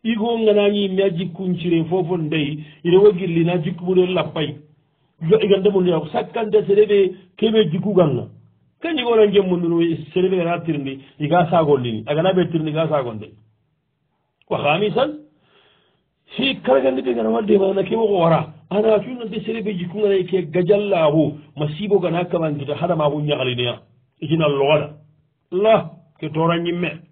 igo gana ñimme a jikkuncire fofo ndey irewo gilli ina jikku ɓure lappay yo iganta e mu neyaku sakkante sereɓe keɓe jikku ganga kañi gono jemmundun sérve gana tirndi iga sagollini agana ɓe tirndi ga sagonde wa hamisan si kalagandi ɓe gana wadde mana ke woko wara ana cunante sérve jikku ganay ke gajallahu ma sibo gana kamangita haɗamahu ñahalineya ijina logoɗa la ke toran ñimme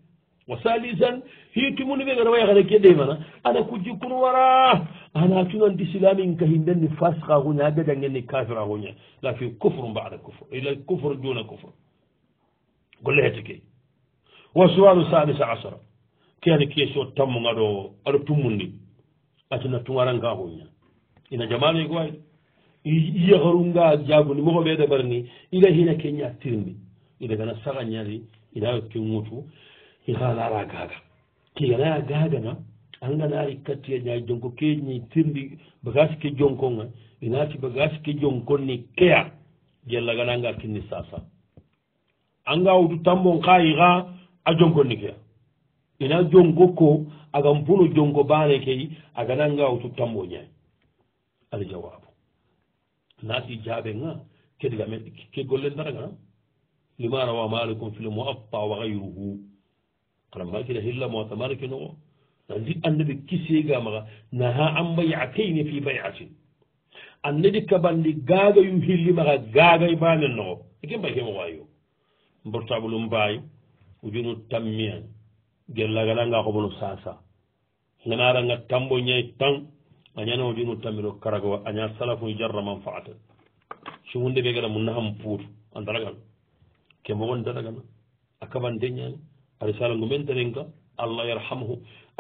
wa salisan hiti muni ɓe gara wayakata keɗe mana ana kuji kun wara ana cunanti silamin kahindenni fasika goña a gajangenni kafira goña lafi coufre mbaɗa coufre ila coufre jona coufre golle hete key wa sual salisa asara keyani question tammu aɗo aɗo tummundi atina tugaranka goña ina jamani gowayi yaharunga jagundi mogoɓeɗe ɓarni ila hina keña tirndi ila gana saga ñari ila ke ŋutu e haalaɗa gaaga keeraya gaaga na angana rikkatti e ñaaji jonko keeñi tirndi bagage ke jonkonga e naati bagage ke jonkon ni keya jellaganaanga kinni sasa anga wudu tambon ka yi xa a jonkon ni keya ina jonko ko agan puno jonko baane key aganannga wutu tambo ñaay ala jawabu naati jaabe nga kedgame ke gollen daragana limanawamaalaykum fi lmoappa wa gayruhu kala makila hilla mota markinoo na ji annabi kisigamaa naha anbaya kayni fi bayatin annadi kabandi gagayu hillimaa gagay banen noo ekin bay kemo wayo mbortabulum bay ujunu tammian gellagalanga kobono sasa ganaranga tambo ñay tan añana ujunu tammiro karago aña salafu jarra manfaata sumunde ɓegana munaham puutu andaragal kemogon daragana akabandeñani أرسال من ترينك الله يرحمه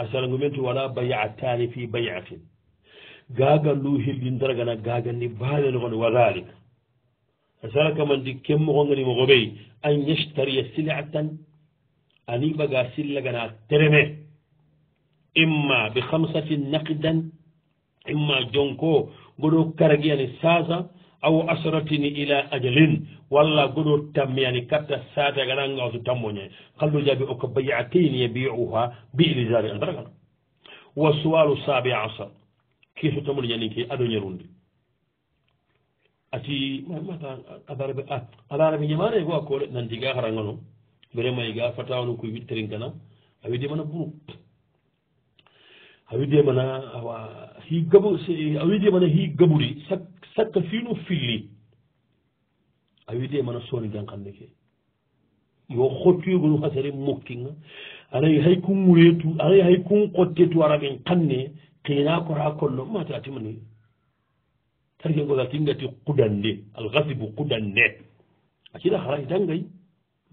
أرسال من ولا بيع تاني في بيعة غاغا لوه لندر غنا غاغا نبال نغن وذلك أرسال كمان دي كم مغن لمغبي أن يشتري سلعة أني بغا سلعة ترمي إما بخمسة نقدا إما جونكو غدو كارغياني سازا أو أسرتني إلى أجلين walla goɗo tammiyani karta saatagaɗangawto tammoñe kalluiaɓe o ko bayaa teyni e biyouha bi ilisari andaragano wa suwalu saabi asar kiso tammude ñaninke adoñerundi ati mata adarɓe ah, adarɓe ñamani go akkoɗe nanti ga harangano vraiment yga fatawano koye wittirin kanam a widde mana bourou a widde mana awa hi gabo a widde mana hi gaburi sak sakka fino filli a wiide mana sooni gankande ke yo hottuyogonu hasere mokkinga anayi hay kun wuretu anayi hay kun kotte tu araɓen kanne kena kora kollo mate atimani tarkengoa tingati kudande algasibu kudande acida hara dangayi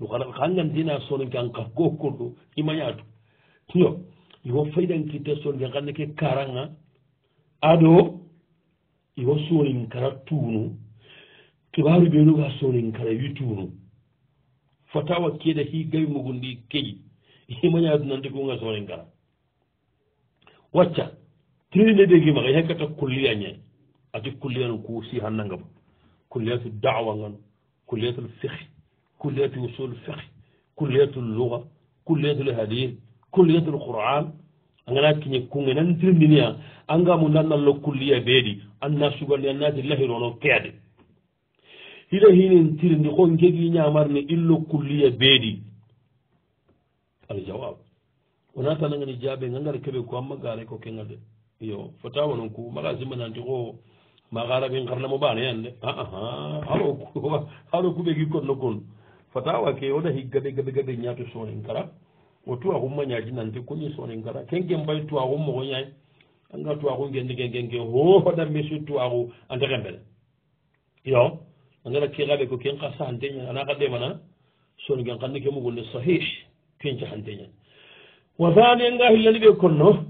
nokaa ka ngandina sooni ganka go kollo imayatu yo iwo faydankitte sooni gankande ke karanga ado iwo sooni kara tunu kibaru jonugo ha sonin kara wituno fatawa keeɗa hi gawi mugun ɗi keƴi imañadu nande kunga sonin kara wacca trinide de gimaka hekkata kulliya ñe ati kulliyano ku si hannagaba kulliyatu dawa ngan kulliyatu l fiqe kulliyatu usul fiqe kulliyatu luga kulliyatu l hadis kulliyatu l qouran a ngana kiñe kunge nan trindiniya angamu nannallo kulliya beeɗi anna sugandi annati lahirono keede hila hinentirndi kon jegii ñaamarne illo kulliya beedi aljawab wona tanangani jaabe ngangara keɓe ko amma gaare ko kengal de yo fota wonon ku magasin manaanti ko magaraɓe ngarnamo baane yan de haro kuɓegi konno kon fata wake o dahi gaɓe gaɓe gaɓe ñaatu soonen kara o tuwa xum ma ñaaji nante koñi soonen kara kenken bay tuwaxum moxo ñaay anga tuwaxu ngendi ngengen ke hoo fadame su tuwaxu ante xembene yo anana kiiɓe ko ken ka sahanteñan ana ka ɗemana soni gen kanne ke mugunde sahih ken cahanteñan wa dane nga hillani ɓe konno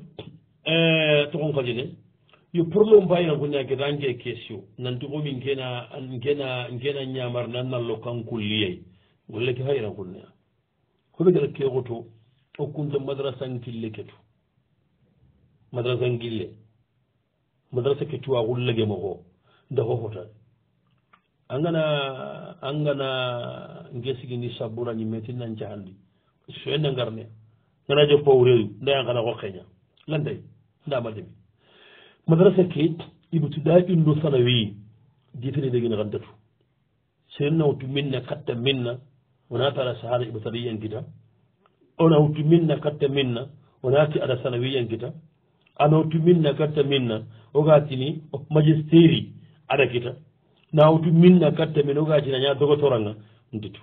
e, togon kajine yo probléme mbayina ko ñake range question nanti ko min kena kena kena ñamar na nallo kan kulliyey golle ke hayira kunnea koɓe gala keeko to okkunto madrasa ngille keto madrasa ngille madrasa ke tuwa gullegemoko ndaho fotan angana angana guesigui ndi sabbunañi metin nan cahandi so ende garne ngana jog pow rewi nde angana ko keña landay ndama demi madrasa keyt ibtuda undo sanawi ditani degina kan datu sereno wutu minna katta minna wona tara sahara ibtadiyen kita ona wutu minna katta minna wonati ada sanawiyen kita ana wutu minna katta minna ogatini majesteri ada kita nawtu minna katta mi nogaji naña dogotoranga ndetu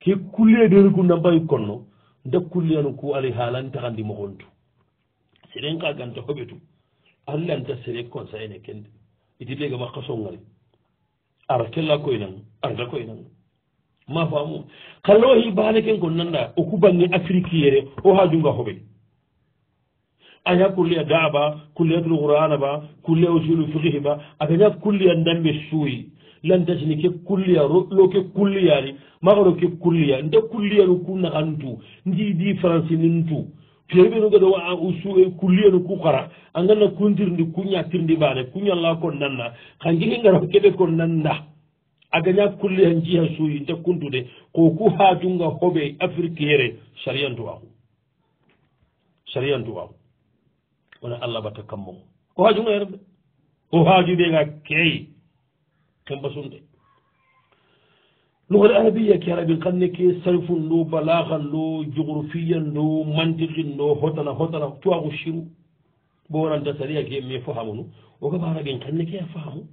ke kulledergunda mbayi konno nda kulliyanu ku alay haalantaxandi moxontu seren xaganta hoɓetu allah nta sere consa ene kende iti ɓega ma xasongari ara kella koy nang arda koy nang ma famum xa lowahi baane ken ko nanda o ku bange afrique yere o xajunga hoɓe aya kulliya daaba kulliya dulqurana ba kulliya usulu fiqihi ba abeña kulliya ndambe suuyi lan tasini ke kulliya lo ke kulliyani magaro ke kulliya nte kulliyanu ku nakantu ndi di francininntu pieɓenu gede wa a usu kulliyanu ku kara angana kuntirndi kuñatirndi bane kuñalla konnanna kan ke ke ngara keɓe konnanda agaña kulliya njiha suuyi nte kuntude ko ku haatunga hoɓe afrique yere sariyantuwaku sariyantuwaku wona allah batta kammo ko haaju ngo herde ko haaju mbiyega keeyi ken basunde nokode arabiya ke arabi kanne ke sarifun ndo balagan ndo jogrofiya ndo mantiqin ndo hotana hotana tuwaku chiru boonanta saria ke mais fo hamunu o kaba arabin kanne ke a faamu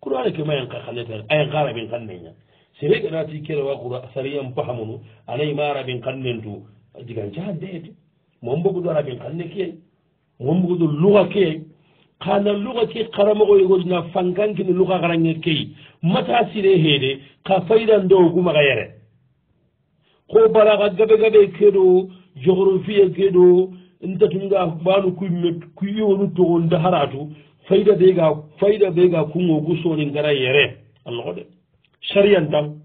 qurane ke mayen kanne ta ayen ka arabin kanne ña sere ganati kere wa qura saria mpo hamunu anayi ma arabin kannen to digan jaa deede mon bogudo arabin kanne kee wombugo ɗo luga ke kana luga ke karamogoyegodina fankankini luga garange key mata sire heede ka faydan do gumaga yere ko baraga gabe gabe kedo jogorofiye kedo ntatumga banu kuyme kuyiwonu togon daharatu fayda bega fayda bega kungo gusoni ngara yere alnogode sharia ntam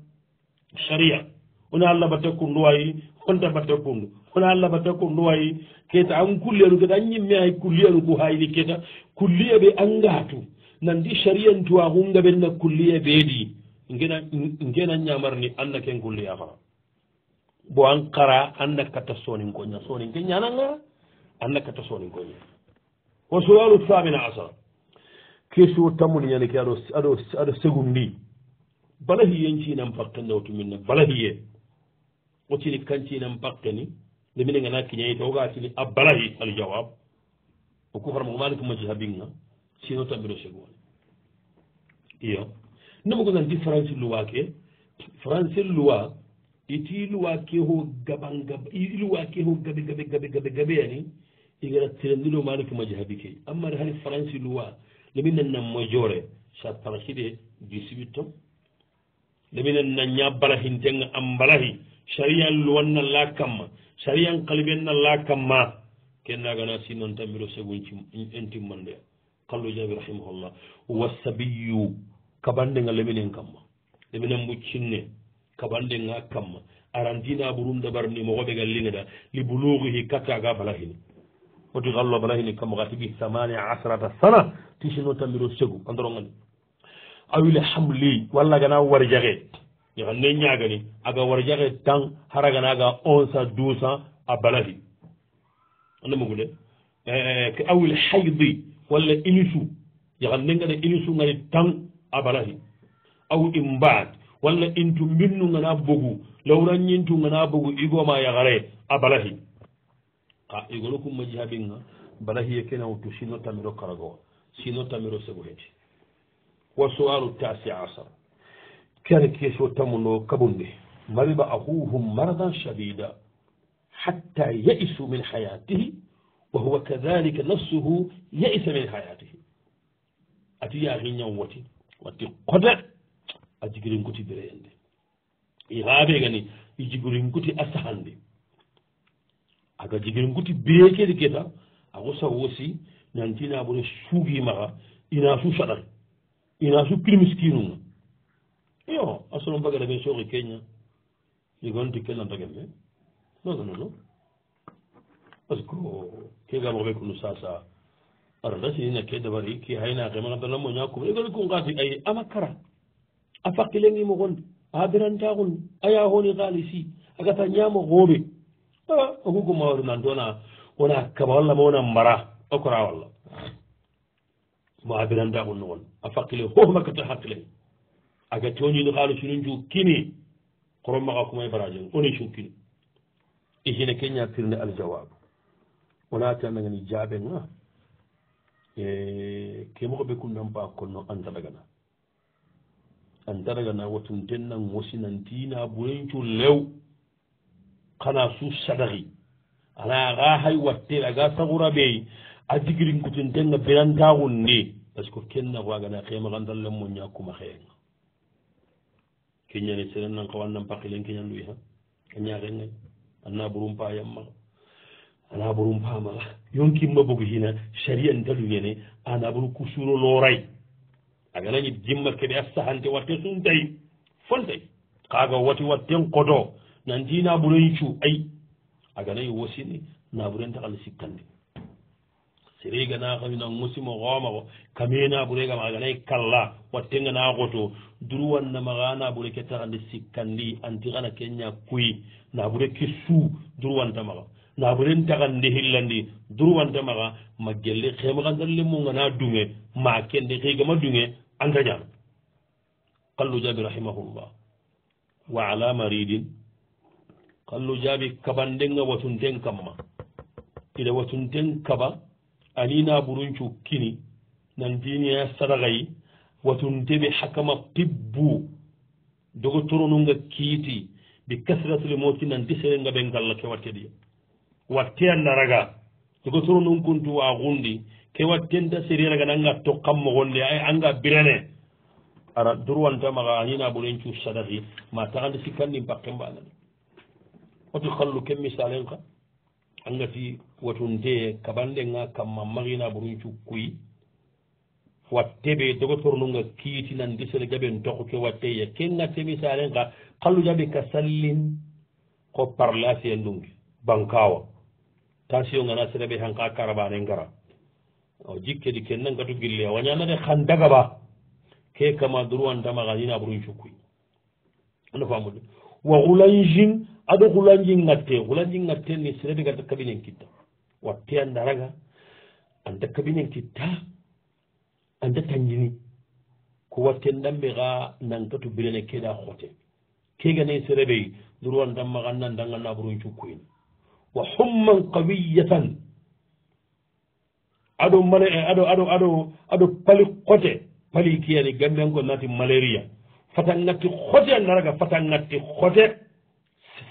sharia hono allah mba tekkum nuwayi honta mba tekkum ndu hono allah mba tekkum nuwayi keeta an kulli anu kede anñimmi hay kulli anu ko hayni keeta kulliye ɓe anngatu nandi sariyantuwa hunga ɓenna kulliye ɓeeɗi gena gena ñamarni anna ken kulliya fana bo an kara anna katta soonin koña soonin ke ñananga anna katta soonin koña o suwalu famina asa keso tammuni ñani ke aɗo aɗo segundi bala hiye ciinan pakta nawtuminna bala hiye otini kantinen bakke ni nde mbine gana kiñayi to ogatini abalahi aljawab o kufara mogo malik maji habinga sino tambiro segoni iyo ndemogosan di france loi ke france loi iti loi ke ho gaban gaba loi ke ho gabe gabe gabe gabe gabe yani igara tirendilo malik maji habi ke ammari hari france loi nde mbi nannan mojore sa tarakide 18 tom nde mbi nannan ña balahintenga am balahi sariyan wonna la kamma sariyan kalibenna la kamma kennagana si noon tan mbiɗo sagunci en timmandeya kallu jaabi rahimahullah wasabiyu kabandega leminen kamma leminen buccinne kabandega kamma arandina ɓurum dabarni mogoɓe galligeɗa li bulugihi kakkaga bala hini oti kallo bala hini kamma ga tigi samania asrata sana tisi noon tan mbiɗo sagu andorogani awile hamli walla gana warjage yahanne ñagani aga wara jahe tan haragana aga onsa dusa a balahi anda mogude eh, ke awil haydi walla inisu yahanne gana inisu gani tan a balahi aw imbad walla intu mbinnu gana bogu lawrañintu gana bogu igoma yahare a balahi a igono kumma jihabinga balahiye kenawtu sino tamiro karagowa sino tamiro segu heti wa sual tasi asar kere keso tamuno kabunde mariba ahuhum mardan shadida hatta yaisu min hayatihi wa huwa kadalika nafsuhu yaisa min hayatihi ati yahiñaw wati wati kota a jigirinkuti bireyande ihaabe gani i jigirinkuti asahande aga jigirinkuti biree kedi keta awosa wosi nantinaabone suugi maxa ina su saɗar ina su primiskinuga iyo a sono mbagala ɓe sooki keña yigonti kellantagelle noga nono par ce que kegamoxoɓe kunu sasa arandasinina ke dabari ki hayna xemaxa dana moña cum egoni kun ngasi ay ama kara a faqilengimoxon a berantaxun a yaxoni xalisi a gata ñamo xooɓe a oku gumawarinanto na wona kaba walla ma wona mbara o kora walla mo a berantaxun noxon a faqile xoof makata xaqileng a gatti on jiɗo haala sunu ju kini koron maga kuma e baraje oni cukkini ihina e kenña pirde aljawabu wona tiandagani jaɓenga e kemoɓe kum nan ba konno andaɗagana andaɗagana wattum dennan wosinantina bunencu lew kana su sadahi ala ga hay watteɓe aga sagura ɓey a jigirinkutin denga biranta wun ndi par ce que kenna ko agana xemaxandallemmo ñakuma xeenga keññani senen nan ko wannan pakkilen keñan ɗoy han keñaken gañ anna borum payammaa ana borum pamaa yonkimma bogo hina sharia n daluñene ana boru kusuro looray aganañi jimma keɓe assahante watte sun tay fontay kaaga wati watten kodo nandina ɓuren cu ay aganayi wosini naɓuren tagal sikkande si reganaka wina musimo xoomaxo kamena ɓurega maxa ganayi kalla wattengana xoto durwanna maxa na ɓure ke taxandi sikkandi anti xana keña kuy na ɓure ke suu durwanta maxa na ɓuren taxandi xillandi durwanta maxa ma gelle xemaxandalle mongana dunge ma kende xigama dunge anta ñan kallu jaɓi rahimahullah wa ala maridin kallu jaɓi kaɓandenga watunten kamma ida watunten kaɓa ani naburuncu kini nan diniya sadakayi watun tebe hakama pibbu dogotoronunga kiiti be kasratle moti nan diserenga ɓe galla kewatte ɗiya watte a naraga dogotoronun kuntu a gundi kewatten ta sereraga nanga tokkam mogonde ay anga birane ara durwantamaga ani naburuncu sadaki ma taxande sikkandi mbakke mbanani oti xallu ke misalen ka allati watunte kaɓanɗenga kamma marina borum cukkuy fo teɓe dogotornoga kiitinandi sele jaɓen tokke watteya kenga temi salenga kallu jaɓe ka sallin ko parle asiyen ɗungi bankawa tension gana seleɓe hanka karabane ngara o jikkedi kennangatu gille wañanade han dagaba ke kama droit ntamaxa ninaborum cukkuy ano famude wa rulangin aɗo hulanji gatte hulanji gatte ni sereni gadda kabinen kitta watte a daraga anda kabinen kitta anda tanjini ko watte dambe ga nangkatu birene keeɗa hote keganai sereɓey durwan dammaganna danga naburun cukkuin wa humman kawiyatan aɗo mala aɗo aɗo aɗo aɗo pali kote pali kiyani gamben ko nati malaria fata gatti hote a daraga fata gatti hote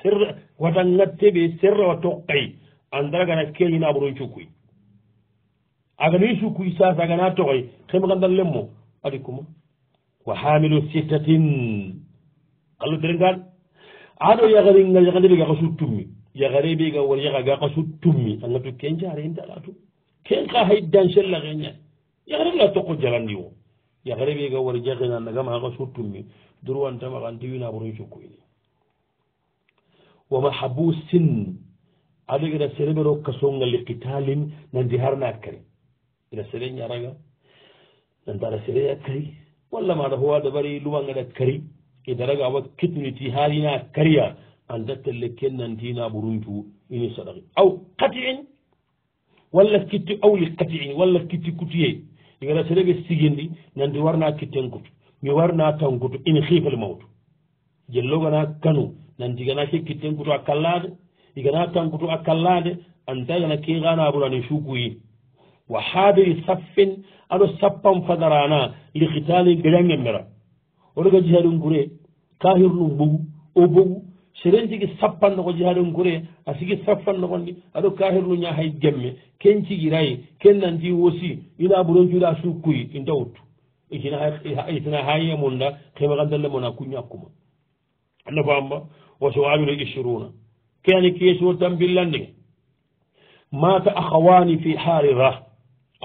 sirra watanga teɓe serra wa tokkay andaragana keñina ɓuron cukkuy agani cukkuy sasa agana toxoy xemxandal lemmo adi wa hamilu sittatin allo derengan aɗo yagaringa yagandeɓe gaxa su tummi yagareɓe ga war yaxaga xa su tummi angatu ken jareintalatu ken xa hay dancellaxe ña yagareɓega toqo jarandi o yagareɓe ga war jaxinanagama xa su tummi durwantamaxantiwina ɓuron cukkuyni wo mahabusin aɗo ina sereɓe rokka songa li kitalin nandi harnaat kari ina sere ñaraga nantaɗa sereat kari walla maɗa ho waɗa ɓari lumagaɗat kari e daraga awa kettuniti haalina kariya andattelle ken nantina ɓuruntu ini sadaki aw kati en walla kitti awli kati en walla kitti kutuye igaɗa e sereɓe siginɗi nandi warna kitten kutu mi warna tan kutu in hifal mawtu jellogana kanu nan digana kekkitten kuto akkallade igana tankuto akkallade antagana kegana aburani sukuyi wa hadiri saffin aɗo sappan fadarana likitali gayangemmira oɗoga jihaden gure kahirnum bogu o bogu serentigi sappannoko jihaden gure asigi sappannokondi aɗo kahirnu ña hay gemme ken cigirayi ken nandi wosi ina buron cuuɗa sukkuyi inta wuttu itina hayemunda kema kandallemona kuñakkuma nafamba وشعبنا يشرون كان كيسون تنبيل لنك مات أخواني في حارضة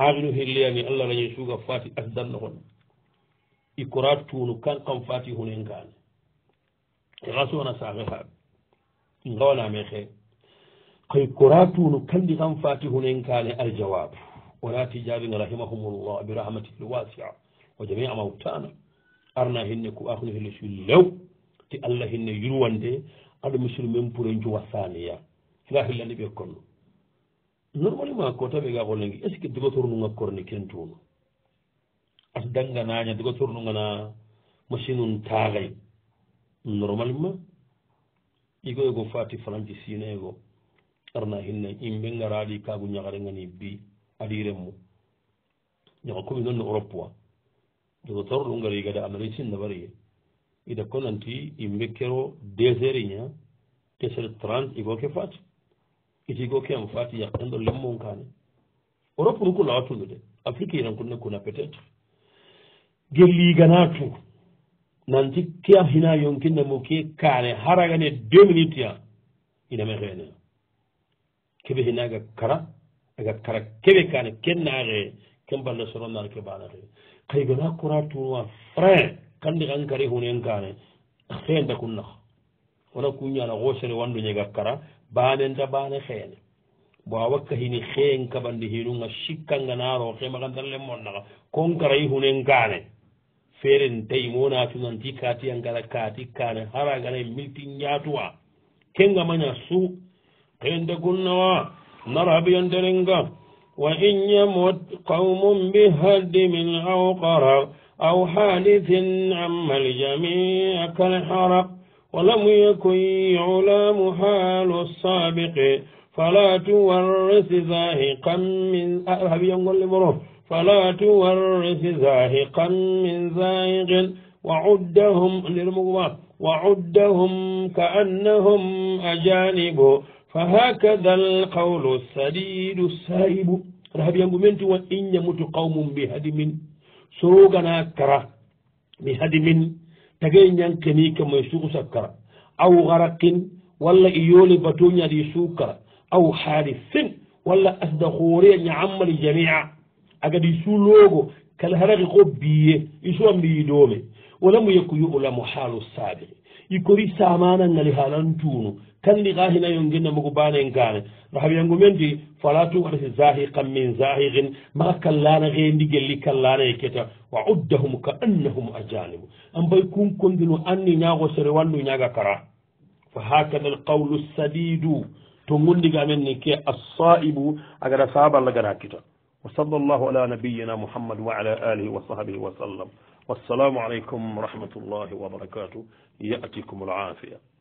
عاجلو هليني الله لن يشوك فاتي أسدنهن إكرات تونو كان قم فاتي هنين كان غسونا ساغفا غونا ميخي قي كرات تونو كان دي قم فاتي هنين كان الجواب ولا تجابين رحمهم الله برحمته الواسعة وجميع موتانا أرنا هنكو أخنه لشي لو te allah hinne yurwande aɗa misiru men pour juwa saniya hila hillani ɓe konno normalement ko taɓe ga ɓolengi est ce que dogotoru nu gakkorni kentuno ata dangganaña dogotoru nu gana machine un taagay normalement yigoy go fati falanci sinego arna hinne yimɓe garaɗi kagu ñagare gani bi aɗiremmo ñaga commune onno europe wa dogotoru ɗu gari gada anaren sinna wariye ida konanti i mbekkero désérigna tesere trente igo ke faati itigo ke am faati yakten ɗo lemmon kane europe ruku lawa tundu de afrique yiran kunne kuna peut être gelliganatu nanti ke a hina yonkinne mo ke kane haragane deux minutes ya ina me xeene keɓe hina ga kara aga kara keɓe kane ken naxe ken balle soronnar ke bana xe xay gana kora tunwa frain kandi xan kari hunen kane xeenta kun nax wona kuñana xoosere wandu ñega kara banenta bane xeene bo a wakka hini xeen kabandi hinunga sikkanga naaro xemaxantar lemmon naxa kon karayi hunen kane feeren tay monatunanti katiyankala kati kane haraganay milti ñaatuwa kenga maña su xeente kunnawa narabiyanterenga wa in yamot qaumum bihaddi min aw qarar أو حادث عم الجميع كالحرق ولم يكن يعلم حال السابق فلا تورث زاهقا من فلا تورث زاهقا من زاهق وعدهم للمغوى وعدهم كأنهم أجانب فهكذا القول السديد السائب رهب ينبو منتو وإن يموت قوم بهدم sorogana kara mi hadimin tagay ñankeni kemoy suusa kara aw garakin walla i yoole batoñaɗi suu kara aw harisin walla asda hoore ña ammali jamia agadi suu loogo kal haraki ko biye i suwa mbiyidoome wala mu yekku yuɓulamo haalu saabiki i kori samana ngali haalan tuunu kalli gahina yunginna yonginna mugu banen kane no haɓiyangu men di fala tuwaɗati zahiqan min zahiqin maga kallana hendi gelli kallana yiketa wa uddahum ka annahum ajalimu ambay bay kunkondino anni nyago sere wallu nyaga kara fa hakada alqawlu sadidu to gondiga men ni ke assaibu agata saaballa laga kita wa sallallahu ala nabiyyina muhammad wa ala alihi wa sahabihi wa sallam والسلام عليكم ورحمة الله وبركاته يأتيكم العافية